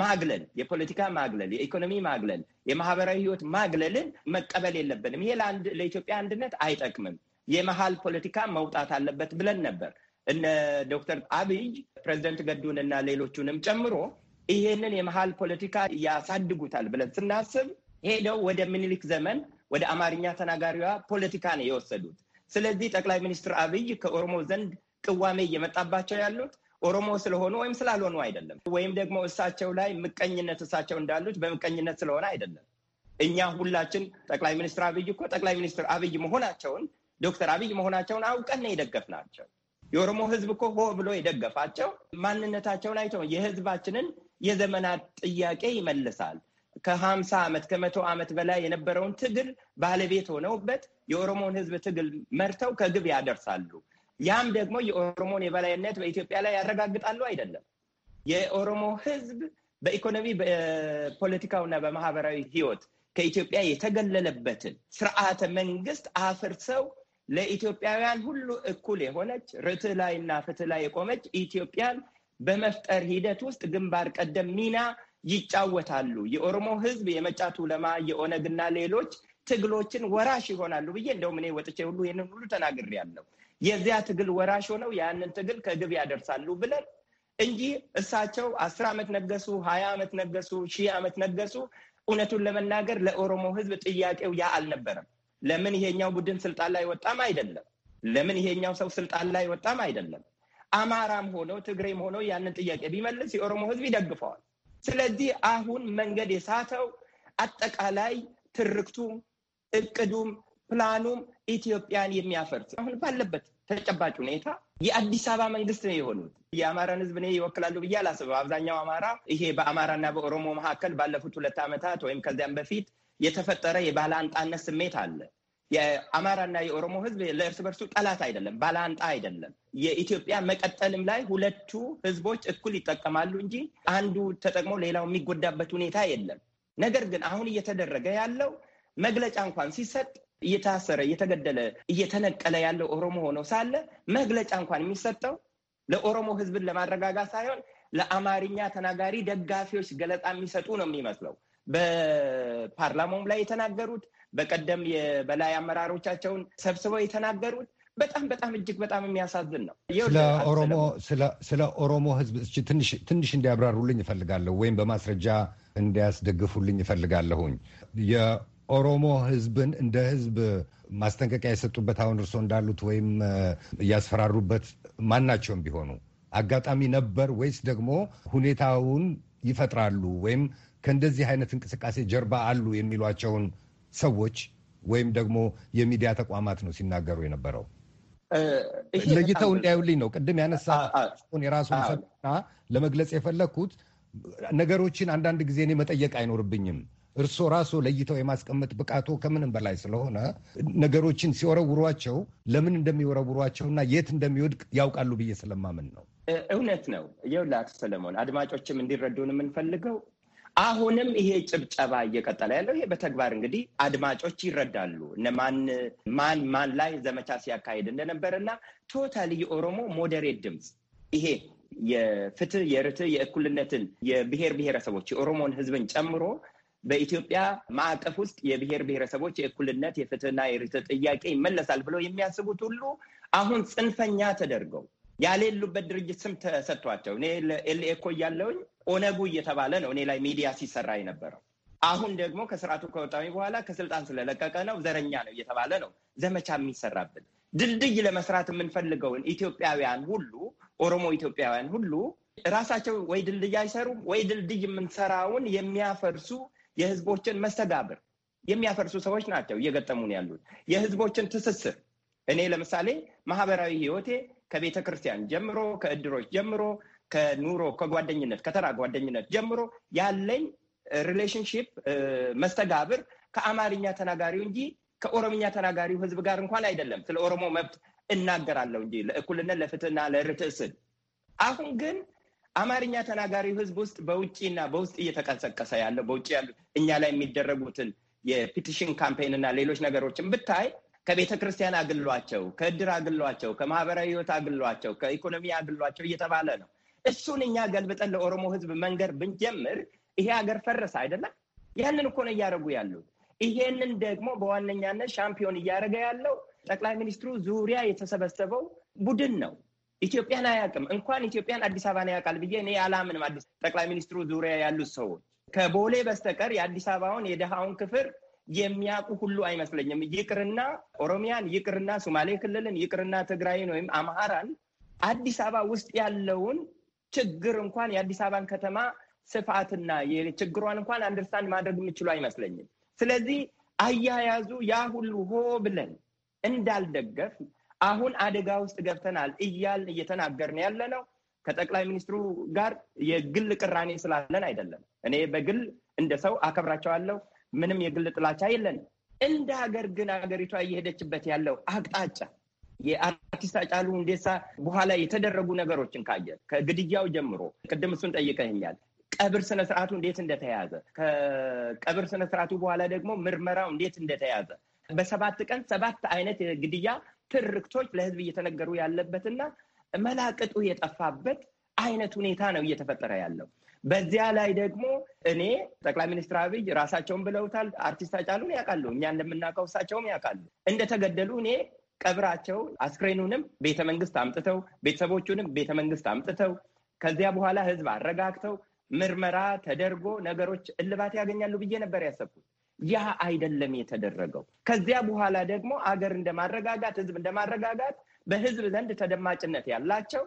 ማግለል፣ የፖለቲካ ማግለል፣ የኢኮኖሚ ማግለል፣ የማህበራዊ ህይወት ማግለልን መቀበል የለብንም። ይሄ ለኢትዮጵያ አንድነት አይጠቅምም። የመሀል ፖለቲካ መውጣት አለበት ብለን ነበር። እነ ዶክተር አብይ ፕሬዚደንት ገዱን እና ሌሎቹንም ጨምሮ ይሄንን የመሀል ፖለቲካ ያሳድጉታል ብለን ስናስብ ሄደው ወደ ምኒልክ ዘመን ወደ አማርኛ ተናጋሪዋ ፖለቲካ ነው የወሰዱት። ስለዚህ ጠቅላይ ሚኒስትር አብይ ከኦሮሞ ዘንድ ቅዋሜ እየመጣባቸው ያሉት ኦሮሞ ስለሆኑ ወይም ስላልሆኑ አይደለም። ወይም ደግሞ እሳቸው ላይ ምቀኝነት እሳቸው እንዳሉት በምቀኝነት ስለሆነ አይደለም። እኛ ሁላችን ጠቅላይ ሚኒስትር አብይ እኮ ጠቅላይ ሚኒስትር አብይ መሆናቸውን ዶክተር አብይ መሆናቸውን አውቀን የደገፍናቸው። የኦሮሞ ህዝብ እኮ ሆ ብሎ የደገፋቸው ማንነታቸውን አይተው የህዝባችንን የዘመናት ጥያቄ ይመልሳል፣ ከሀምሳ ዓመት ከመቶ ዓመት በላይ የነበረውን ትግል ባለቤት ሆነውበት የኦሮሞን ህዝብ ትግል መርተው ከግብ ያደርሳሉ። ያም ደግሞ የኦሮሞን የበላይነት በኢትዮጵያ ላይ ያረጋግጣሉ አይደለም። የኦሮሞ ህዝብ በኢኮኖሚ በፖለቲካውና በማህበራዊ ህይወት ከኢትዮጵያ የተገለለበትን ስርዓተ መንግስት አፍርሰው ለኢትዮጵያውያን ሁሉ እኩል የሆነች ርትዕ ላይና ፍትህ ላይ የቆመች ኢትዮጵያን በመፍጠር ሂደት ውስጥ ግንባር ቀደም ሚና ይጫወታሉ። የኦሮሞ ህዝብ የመጫቱ ለማ የኦነግና ሌሎች ትግሎችን ወራሽ ይሆናሉ ብዬ እንደውም እኔ ወጥቼ ሁሉ ይህንን ሁሉ ያለው የዚያ ትግል ወራሽ ሆነው ያንን ትግል ከግብ ያደርሳሉ ብለን እንጂ እሳቸው አስር ዓመት ነገሱ፣ ሀያ ዓመት ነገሱ፣ ሺህ ዓመት ነገሱ። እውነቱን ለመናገር ለኦሮሞ ህዝብ ጥያቄው ያ አልነበረም። ለምን ይሄኛው ቡድን ስልጣን ላይ ወጣም አይደለም፣ ለምን ይሄኛው ሰው ስልጣን ላይ ወጣም አይደለም። አማራም ሆኖ ትግሬም ሆኖ ያንን ጥያቄ ቢመልስ የኦሮሞ ህዝብ ይደግፈዋል። ስለዚህ አሁን መንገድ የሳተው አጠቃላይ ትርክቱም እቅዱም ፕላኑም ኢትዮጵያን የሚያፈርስ አሁን ባለበት ተጨባጭ ሁኔታ የአዲስ አበባ መንግስት ነው የሆኑት። የአማራን ህዝብ እኔ ይወክላሉ ብዬ አላስብም። አብዛኛው አማራ ይሄ በአማራና በኦሮሞ መካከል ባለፉት ሁለት ዓመታት ወይም ከዚያም በፊት የተፈጠረ የባለ አንጣነት ስሜት አለ። የአማራና የኦሮሞ ህዝብ ለእርስ በርሱ ጠላት አይደለም፣ ባላንጣ አይደለም። የኢትዮጵያ መቀጠልም ላይ ሁለቱ ህዝቦች እኩል ይጠቀማሉ እንጂ አንዱ ተጠቅሞ ሌላው የሚጎዳበት ሁኔታ የለም። ነገር ግን አሁን እየተደረገ ያለው መግለጫ እንኳን ሲሰጥ እየታሰረ እየተገደለ እየተነቀለ ያለው ኦሮሞ ሆኖ ሳለ መግለጫ እንኳን የሚሰጠው ለኦሮሞ ህዝብን ለማረጋጋት ሳይሆን ለአማርኛ ተናጋሪ ደጋፊዎች ገለጻ የሚሰጡ ነው የሚመስለው። በፓርላማውም ላይ የተናገሩት በቀደም የበላይ አመራሮቻቸውን ሰብስበው የተናገሩት በጣም በጣም እጅግ በጣም የሚያሳዝን ነው። ስለ ኦሮሞ ሕዝብ ትንሽ እንዲያብራሩልኝ እፈልጋለሁ ወይም በማስረጃ እንዲያስደግፉልኝ እፈልጋለሁኝ። የኦሮሞ ህዝብን እንደ ህዝብ ማስጠንቀቂያ የሰጡበት አሁን እርስዎ እንዳሉት ወይም እያስፈራሩበት ማናቸውም ቢሆኑ አጋጣሚ ነበር ወይስ ደግሞ ሁኔታውን ይፈጥራሉ ወይም ከእንደዚህ አይነት እንቅስቃሴ ጀርባ አሉ የሚሏቸውን ሰዎች ወይም ደግሞ የሚዲያ ተቋማት ነው ሲናገሩ የነበረው። ለይተው እንዳዩልኝ ነው ቅድም ያነሳሁትን የራሱን ሰና ለመግለጽ የፈለግኩት ነገሮችን አንዳንድ ጊዜ እኔ መጠየቅ አይኖርብኝም። እርሶ ራሱ ለይተው የማስቀመጥ ብቃቶ ከምንም በላይ ስለሆነ ነገሮችን ሲወረውሯቸው ለምን እንደሚወረውሯቸው እና የት እንደሚወድቅ ያውቃሉ ብዬ ስለማምን ነው። እውነት ነው። ይኸውልህ አቶ ሰለሞን፣ አድማጮችም እንዲረዱን የምንፈልገው አሁንም ይሄ ጭብጨባ እየቀጠለ ያለው ይሄ በተግባር እንግዲህ አድማጮች ይረዳሉ እነ ማን ማን ማን ላይ ዘመቻ ሲያካሄድ እንደነበር እና ቶታል የኦሮሞ ሞዴሬት ድምፅ ይሄ የፍትህ የርትህ የእኩልነትን የብሔር ብሔረሰቦች የኦሮሞን ህዝብን ጨምሮ በኢትዮጵያ ማዕቀፍ ውስጥ የብሔር ብሔረሰቦች የእኩልነት የፍትህና የርትህ ጥያቄ ይመለሳል ብለው የሚያስቡት ሁሉ አሁን ጽንፈኛ ተደርገው ያሌሉበት ድርጅት ስም ተሰጥቷቸው እኔ ለኤልኤ ኦነጉ እየተባለ ነው እኔ ላይ ሚዲያ ሲሰራ የነበረው። አሁን ደግሞ ከስርዓቱ ከወጣሚ በኋላ ከስልጣን ስለለቀቀ ነው ዘረኛ ነው እየተባለ ነው ዘመቻ የሚሰራብን። ድልድይ ለመስራት የምንፈልገውን ኢትዮጵያውያን ሁሉ ኦሮሞ ኢትዮጵያውያን ሁሉ ራሳቸው ወይ ድልድይ አይሰሩም ወይ ድልድይ የምንሰራውን የሚያፈርሱ የህዝቦችን መስተጋብር የሚያፈርሱ ሰዎች ናቸው እየገጠሙን ያሉት የህዝቦችን ትስስር። እኔ ለምሳሌ ማህበራዊ ህይወቴ ከቤተ ክርስቲያን ጀምሮ ከእድሮች ጀምሮ ከኑሮ ከጓደኝነት ከተራ ጓደኝነት ጀምሮ ያለኝ ሪሌሽንሽፕ መስተጋብር ከአማርኛ ተናጋሪው እንጂ ከኦሮምኛ ተናጋሪው ህዝብ ጋር እንኳን አይደለም። ስለ ኦሮሞ መብት እናገራለሁ እንጂ ለእኩልነት፣ ለፍትህና ለርትዕስን። አሁን ግን አማርኛ ተናጋሪው ህዝብ ውስጥ በውጭና በውስጥ እየተቀሰቀሰ ያለው በውጭ ያሉ እኛ ላይ የሚደረጉትን የፒቲሽን ካምፔን እና ሌሎች ነገሮችን ብታይ ከቤተ ክርስቲያን አግሏቸው፣ ከእድር አግሏቸው፣ ከማህበራዊ ህይወት አግሏቸው፣ ከኢኮኖሚ አግሏቸው እየተባለ ነው። እሱን እኛ ገልብጠን ለኦሮሞ ህዝብ መንገድ ብንጀምር ይሄ ሀገር ፈረሰ አይደለም? ያንን እኮ ነው እያደረጉ ያሉት። ይሄንን ደግሞ በዋነኛነት ሻምፒዮን እያደረገ ያለው ጠቅላይ ሚኒስትሩ ዙሪያ የተሰበሰበው ቡድን ነው። ኢትዮጵያን አያውቅም። እንኳን ኢትዮጵያን አዲስ አበባን ያውቃል ብዬ እኔ አላምንም። አዲስ ጠቅላይ ሚኒስትሩ ዙሪያ ያሉት ሰዎች ከቦሌ በስተቀር የአዲስ አበባውን የደሃውን ክፍር የሚያውቁ ሁሉ አይመስለኝም። ይቅርና ኦሮሚያን፣ ይቅርና ሶማሌ ክልልን፣ ይቅርና ትግራይን ወይም አምሃራን አዲስ አበባ ውስጥ ያለውን ችግር እንኳን የአዲስ አበባን ከተማ ስፋትና ችግሯን እንኳን አንደርስታንድ ማድረግ የምችሉ አይመስለኝም። ስለዚህ አያያዙ ያ ሁሉ ሆ ብለን እንዳልደገፍ አሁን አደጋ ውስጥ ገብተናል እያልን እየተናገርን ያለ ነው ከጠቅላይ ሚኒስትሩ ጋር የግል ቅራኔ ስላለን አይደለም። እኔ በግል እንደ ሰው አከብራቸዋለሁ። ምንም የግል ጥላቻ የለንም። እንደ ሀገር ግን ሀገሪቷ እየሄደችበት ያለው አቅጣጫ የአርቲስት አጫሉ ሁንዴሳ በኋላ የተደረጉ ነገሮችን ካየ ከግድያው ጀምሮ ቅድም እሱን ጠይቀኛል። ቀብር ስነስርዓቱ እንዴት እንደተያዘ ከቀብር ስነስርዓቱ በኋላ ደግሞ ምርመራው እንዴት እንደተያዘ በሰባት ቀን ሰባት አይነት የግድያ ትርክቶች ለህዝብ እየተነገሩ ያለበትና መላቅጡ የጠፋበት አይነት ሁኔታ ነው እየተፈጠረ ያለው። በዚያ ላይ ደግሞ እኔ ጠቅላይ ሚኒስትር አብይ ራሳቸውን ብለውታል። አርቲስት አጫሉን ያውቃሉ፣ እኛ እንደምናውቀው እሳቸውም ያውቃሉ። እንደተገደሉ እኔ ቀብራቸው አስክሬኑንም ቤተ መንግስት አምጥተው ቤተሰቦቹንም ቤተ መንግስት አምጥተው ከዚያ በኋላ ህዝብ አረጋግተው ምርመራ ተደርጎ ነገሮች እልባት ያገኛሉ ብዬ ነበር ያሰብኩት። ያ አይደለም የተደረገው። ከዚያ በኋላ ደግሞ አገር እንደማረጋጋት ህዝብ እንደማረጋጋት በህዝብ ዘንድ ተደማጭነት ያላቸው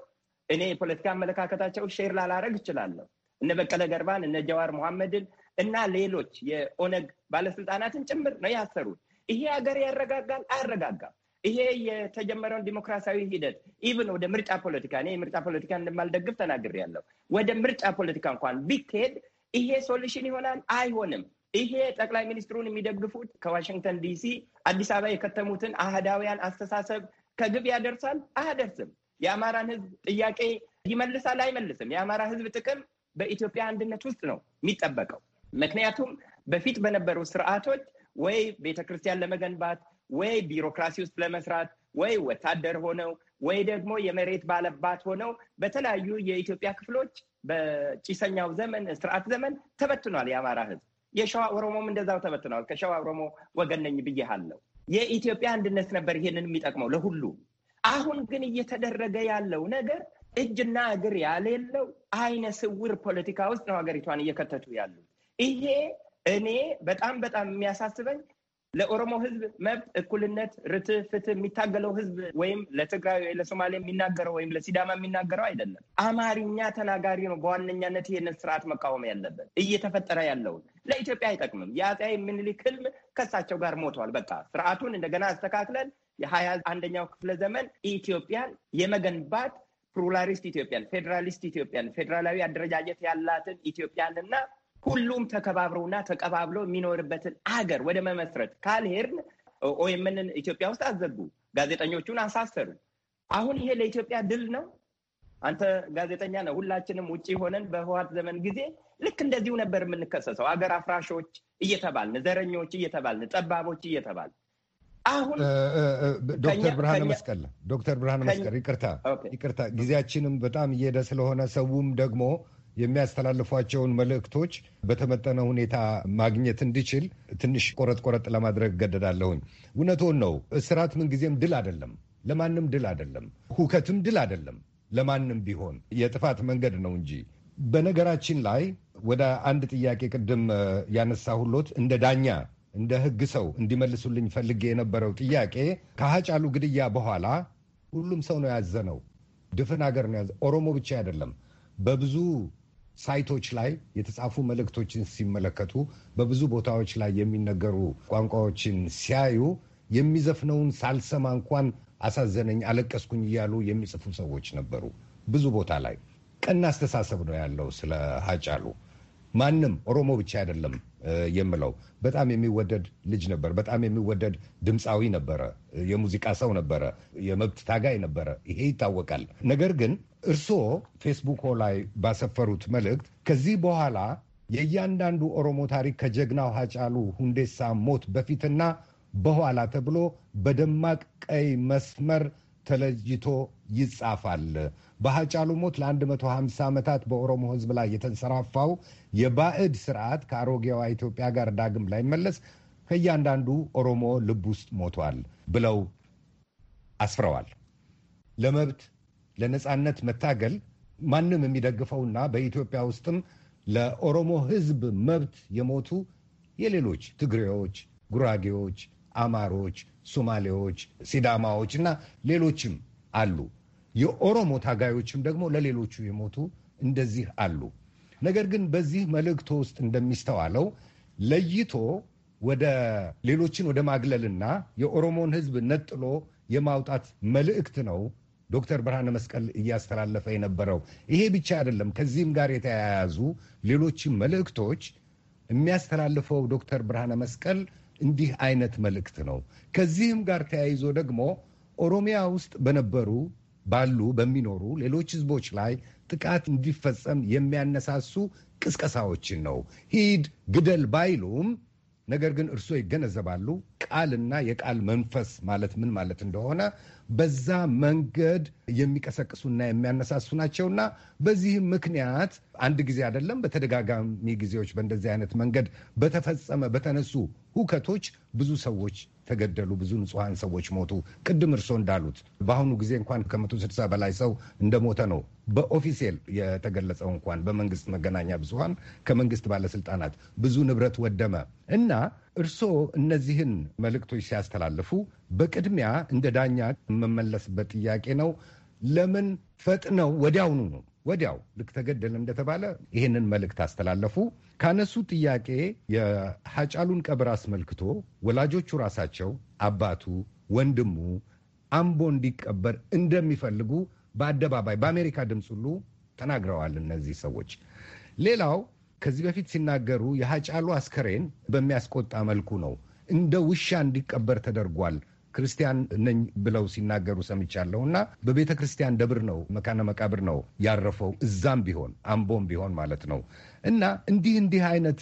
እኔ የፖለቲካ አመለካከታቸው ሼር ላላረግ እችላለሁ። እነ በቀለ ገርባን፣ እነ ጀዋር መሐመድን እና ሌሎች የኦነግ ባለስልጣናትን ጭምር ነው ያሰሩት። ይሄ ሀገር ያረጋጋል አያረጋጋም? ይሄ የተጀመረውን ዲሞክራሲያዊ ሂደት ኢቭን ወደ ምርጫ ፖለቲካ እኔ ምርጫ ፖለቲካ እንደማልደግፍ ያለው ወደ ምርጫ ፖለቲካ እንኳን ቢካሄድ ይሄ ሶሉሽን ይሆናል አይሆንም? ይሄ ጠቅላይ ሚኒስትሩን የሚደግፉት ከዋሽንግተን ዲሲ አዲስ አበባ የከተሙትን አህዳውያን አስተሳሰብ ከግብ ያደርሳል አያደርስም? የአማራን ህዝብ ጥያቄ ይመልሳል አይመልስም? የአማራ ህዝብ ጥቅም በኢትዮጵያ አንድነት ውስጥ ነው የሚጠበቀው። ምክንያቱም በፊት በነበሩ ስርዓቶች ወይ ቤተክርስቲያን ለመገንባት ወይ ቢሮክራሲ ውስጥ ለመስራት ወይ ወታደር ሆነው ወይ ደግሞ የመሬት ባለባት ሆነው በተለያዩ የኢትዮጵያ ክፍሎች በጭሰኛው ዘመን ስርዓት ዘመን ተበትኗል የአማራ ህዝብ የሸዋ ኦሮሞም እንደዛው ተበትኗል። ከሸዋ ኦሮሞ ወገን ነኝ ብዬሃለሁ። የኢትዮጵያ አንድነት ነበር ይሄንን የሚጠቅመው ለሁሉ። አሁን ግን እየተደረገ ያለው ነገር እጅና እግር ያሌለው አይነ ስውር ፖለቲካ ውስጥ ነው ሀገሪቷን እየከተቱ ያሉት። ይሄ እኔ በጣም በጣም የሚያሳስበኝ ለኦሮሞ ህዝብ መብት፣ እኩልነት፣ ርት ፍትህ የሚታገለው ህዝብ ወይም ለትግራይ ለሶማሌ የሚናገረው ወይም ለሲዳማ የሚናገረው አይደለም። አማርኛ ተናጋሪ ነው በዋነኛነት ይህንን ስርዓት መቃወም ያለበት እየተፈጠረ ያለውን ለኢትዮጵያ አይጠቅምም። የአፄ ምኒልክ ህልም ከሳቸው ጋር ሞተዋል። በቃ ስርዓቱን እንደገና አስተካክለን የሀያ አንደኛው ክፍለ ዘመን ኢትዮጵያን የመገንባት ፕሉራሊስት ኢትዮጵያን፣ ፌዴራሊስት ኢትዮጵያን፣ ፌዴራላዊ አደረጃጀት ያላትን እና ሁሉም ተከባብረውና ተቀባብለው የሚኖርበትን አገር ወደ መመስረት ካልሄድን ኦኤምንን ኢትዮጵያ ውስጥ አዘጉ፣ ጋዜጠኞቹን አሳሰሩ። አሁን ይሄ ለኢትዮጵያ ድል ነው። አንተ ጋዜጠኛ ነህ። ሁላችንም ውጭ ሆነን በህወሓት ዘመን ጊዜ ልክ እንደዚሁ ነበር የምንከሰሰው፣ አገር አፍራሾች እየተባልን፣ ዘረኞች እየተባልን፣ ጠባቦች እየተባልን። አሁን ዶክተር ብርሃነ መስቀል ዶክተር ብርሃነ መስቀል ይቅርታ ይቅርታ፣ ጊዜያችንም በጣም እየሄደ ስለሆነ ሰውም ደግሞ የሚያስተላልፏቸውን መልእክቶች በተመጠነ ሁኔታ ማግኘት እንዲችል ትንሽ ቆረጥ ቆረጥ ለማድረግ ገደዳለሁኝ። እውነቶን ነው። እስራት ምንጊዜም ድል አይደለም፣ ለማንም ድል አይደለም። ሁከትም ድል አይደለም፣ ለማንም ቢሆን የጥፋት መንገድ ነው እንጂ። በነገራችን ላይ ወደ አንድ ጥያቄ ቅድም ያነሳሁሎት እንደ ዳኛ እንደ ሕግ ሰው እንዲመልሱልኝ ፈልጌ የነበረው ጥያቄ ከሀጫሉ ግድያ በኋላ ሁሉም ሰው ነው ያዘነው። ድፍን ሀገር ነው ያዘ። ኦሮሞ ብቻ አይደለም። በብዙ ሳይቶች ላይ የተጻፉ መልእክቶችን ሲመለከቱ በብዙ ቦታዎች ላይ የሚነገሩ ቋንቋዎችን ሲያዩ የሚዘፍነውን ሳልሰማ እንኳን አሳዘነኝ፣ አለቀስኩኝ እያሉ የሚጽፉ ሰዎች ነበሩ። ብዙ ቦታ ላይ ቀና አስተሳሰብ ነው ያለው ስለ ሀጫሉ። ማንም ኦሮሞ ብቻ አይደለም የምለው በጣም የሚወደድ ልጅ ነበር። በጣም የሚወደድ ድምፃዊ ነበረ። የሙዚቃ ሰው ነበረ። የመብት ታጋይ ነበረ። ይሄ ይታወቃል። ነገር ግን እርስዎ ፌስቡኮ ላይ ባሰፈሩት መልእክት ከዚህ በኋላ የእያንዳንዱ ኦሮሞ ታሪክ ከጀግናው ሀጫሉ ሁንዴሳ ሞት በፊትና በኋላ ተብሎ በደማቅ ቀይ መስመር ተለይቶ ይጻፋል። በሀጫሉ ሞት ለ150 ዓመታት በኦሮሞ ሕዝብ ላይ የተንሰራፋው የባዕድ ስርዓት ከአሮጌዋ ኢትዮጵያ ጋር ዳግም ላይመለስ ከእያንዳንዱ ኦሮሞ ልብ ውስጥ ሞቷል ብለው አስፍረዋል። ለመብት ለነፃነት መታገል ማንም የሚደግፈውና በኢትዮጵያ ውስጥም ለኦሮሞ ሕዝብ መብት የሞቱ የሌሎች ትግሬዎች፣ ጉራጌዎች፣ አማሮች ሶማሌዎች፣ ሲዳማዎች እና ሌሎችም አሉ። የኦሮሞ ታጋዮችም ደግሞ ለሌሎቹ የሞቱ እንደዚህ አሉ። ነገር ግን በዚህ መልእክቶ ውስጥ እንደሚስተዋለው ለይቶ ወደ ሌሎችን ወደ ማግለልና የኦሮሞን ሕዝብ ነጥሎ የማውጣት መልእክት ነው ዶክተር ብርሃነ መስቀል እያስተላለፈ የነበረው። ይሄ ብቻ አይደለም። ከዚህም ጋር የተያያዙ ሌሎችም መልእክቶች የሚያስተላልፈው ዶክተር ብርሃነ መስቀል እንዲህ አይነት መልእክት ነው። ከዚህም ጋር ተያይዞ ደግሞ ኦሮሚያ ውስጥ በነበሩ ባሉ በሚኖሩ ሌሎች ህዝቦች ላይ ጥቃት እንዲፈጸም የሚያነሳሱ ቅስቀሳዎችን ነው ሂድ ግደል ባይሉም ነገር ግን እርስዎ ይገነዘባሉ ቃልና የቃል መንፈስ ማለት ምን ማለት እንደሆነ በዛ መንገድ የሚቀሰቅሱና የሚያነሳሱ ናቸውና በዚህም ምክንያት አንድ ጊዜ አይደለም በተደጋጋሚ ጊዜዎች በእንደዚህ አይነት መንገድ በተፈጸመ በተነሱ ሁከቶች ብዙ ሰዎች ተገደሉ፣ ብዙ ንጹሐን ሰዎች ሞቱ። ቅድም እርሶ እንዳሉት በአሁኑ ጊዜ እንኳን ከመቶ ስድሳ በላይ ሰው እንደሞተ ነው በኦፊሴል የተገለጸው። እንኳን በመንግስት መገናኛ ብዙሃን ከመንግስት ባለስልጣናት ብዙ ንብረት ወደመ እና እርሶ እነዚህን መልእክቶች ሲያስተላልፉ በቅድሚያ እንደ ዳኛ የምመለስበት ጥያቄ ነው ለምን ፈጥነው ወዲያውኑ ነው ወዲያው ልክ ተገደለ እንደተባለ ይህንን መልእክት አስተላለፉ። ካነሱ ጥያቄ የሀጫሉን ቀብር አስመልክቶ ወላጆቹ ራሳቸው አባቱ፣ ወንድሙ አምቦ እንዲቀበር እንደሚፈልጉ በአደባባይ በአሜሪካ ድምፅ ሁሉ ተናግረዋል። እነዚህ ሰዎች ሌላው ከዚህ በፊት ሲናገሩ የሀጫሉ አስከሬን በሚያስቆጣ መልኩ ነው እንደ ውሻ እንዲቀበር ተደርጓል ክርስቲያን ነኝ ብለው ሲናገሩ ሰምቻለሁ እና በቤተ ክርስቲያን ደብር ነው መካነ መቃብር ነው ያረፈው። እዛም ቢሆን አምቦም ቢሆን ማለት ነው እና እንዲህ እንዲህ አይነት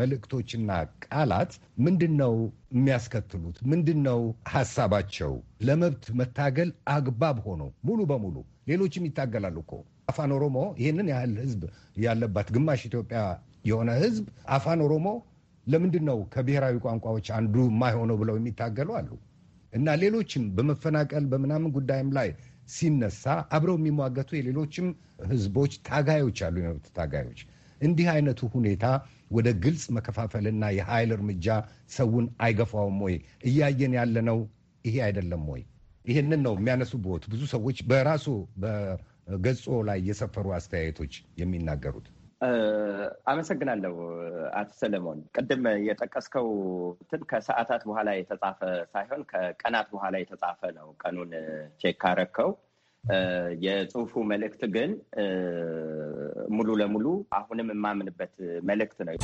መልእክቶችና ቃላት ምንድን ነው የሚያስከትሉት? ምንድን ነው ሀሳባቸው? ለመብት መታገል አግባብ ሆኖ ሙሉ በሙሉ ሌሎችም ይታገላሉ እኮ አፋን ኦሮሞ ይህንን ያህል ህዝብ ያለባት ግማሽ ኢትዮጵያ የሆነ ህዝብ አፋን ኦሮሞ ለምንድን ነው ከብሔራዊ ቋንቋዎች አንዱ የማይሆነው ብለው የሚታገሉ አሉ። እና ሌሎችም በመፈናቀል በምናምን ጉዳይም ላይ ሲነሳ አብረው የሚሟገቱ የሌሎችም ህዝቦች ታጋዮች አሉ፣ የመብት ታጋዮች። እንዲህ አይነቱ ሁኔታ ወደ ግልጽ መከፋፈልና የኃይል እርምጃ ሰውን አይገፋውም ወይ? እያየን ያለነው ይሄ አይደለም ወይ? ይህንን ነው ቦት ብዙ ሰዎች በራሱ በገጾ ላይ የሰፈሩ አስተያየቶች የሚናገሩት። አመሰግናለሁ አቶ ሰለሞን። ቅድም የጠቀስከው እንትን ከሰዓታት በኋላ የተጻፈ ሳይሆን ከቀናት በኋላ የተጻፈ ነው። ቀኑን ቼክ ካረከው የጽሁፉ መልእክት ግን ሙሉ ለሙሉ አሁንም የማምንበት መልእክት ነው።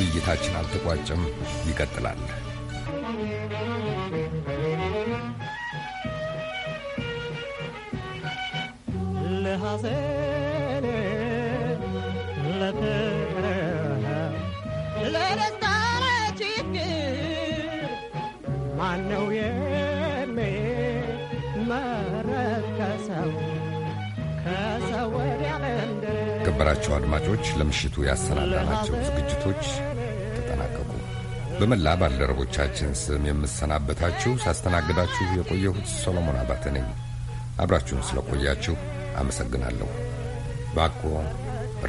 ውይይታችን አልተቋጨም፣ ይቀጥላል። ለሐዘን ከሰው አድማጮች ለምሽቱ ያሰናዳናቸው ዝግጅቶች ተጠናቀቁ። በመላ ባልደረቦቻችን ስም የምሰናበታችሁ ሳስተናግዳችሁ የቆየሁት ሰሎሞን አባተ ነኝ። አብራችሁን ስለቆያችሁ አመሰግናለሁ። ባኮ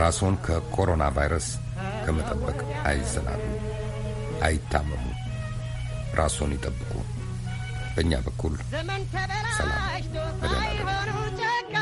ራስዎን ከኮሮና ቫይረስ ከመጠበቅ አይዘናሉ፣ አይታመሙ፣ ራስዎን ይጠብቁ። በእኛ በኩል ሰላም፣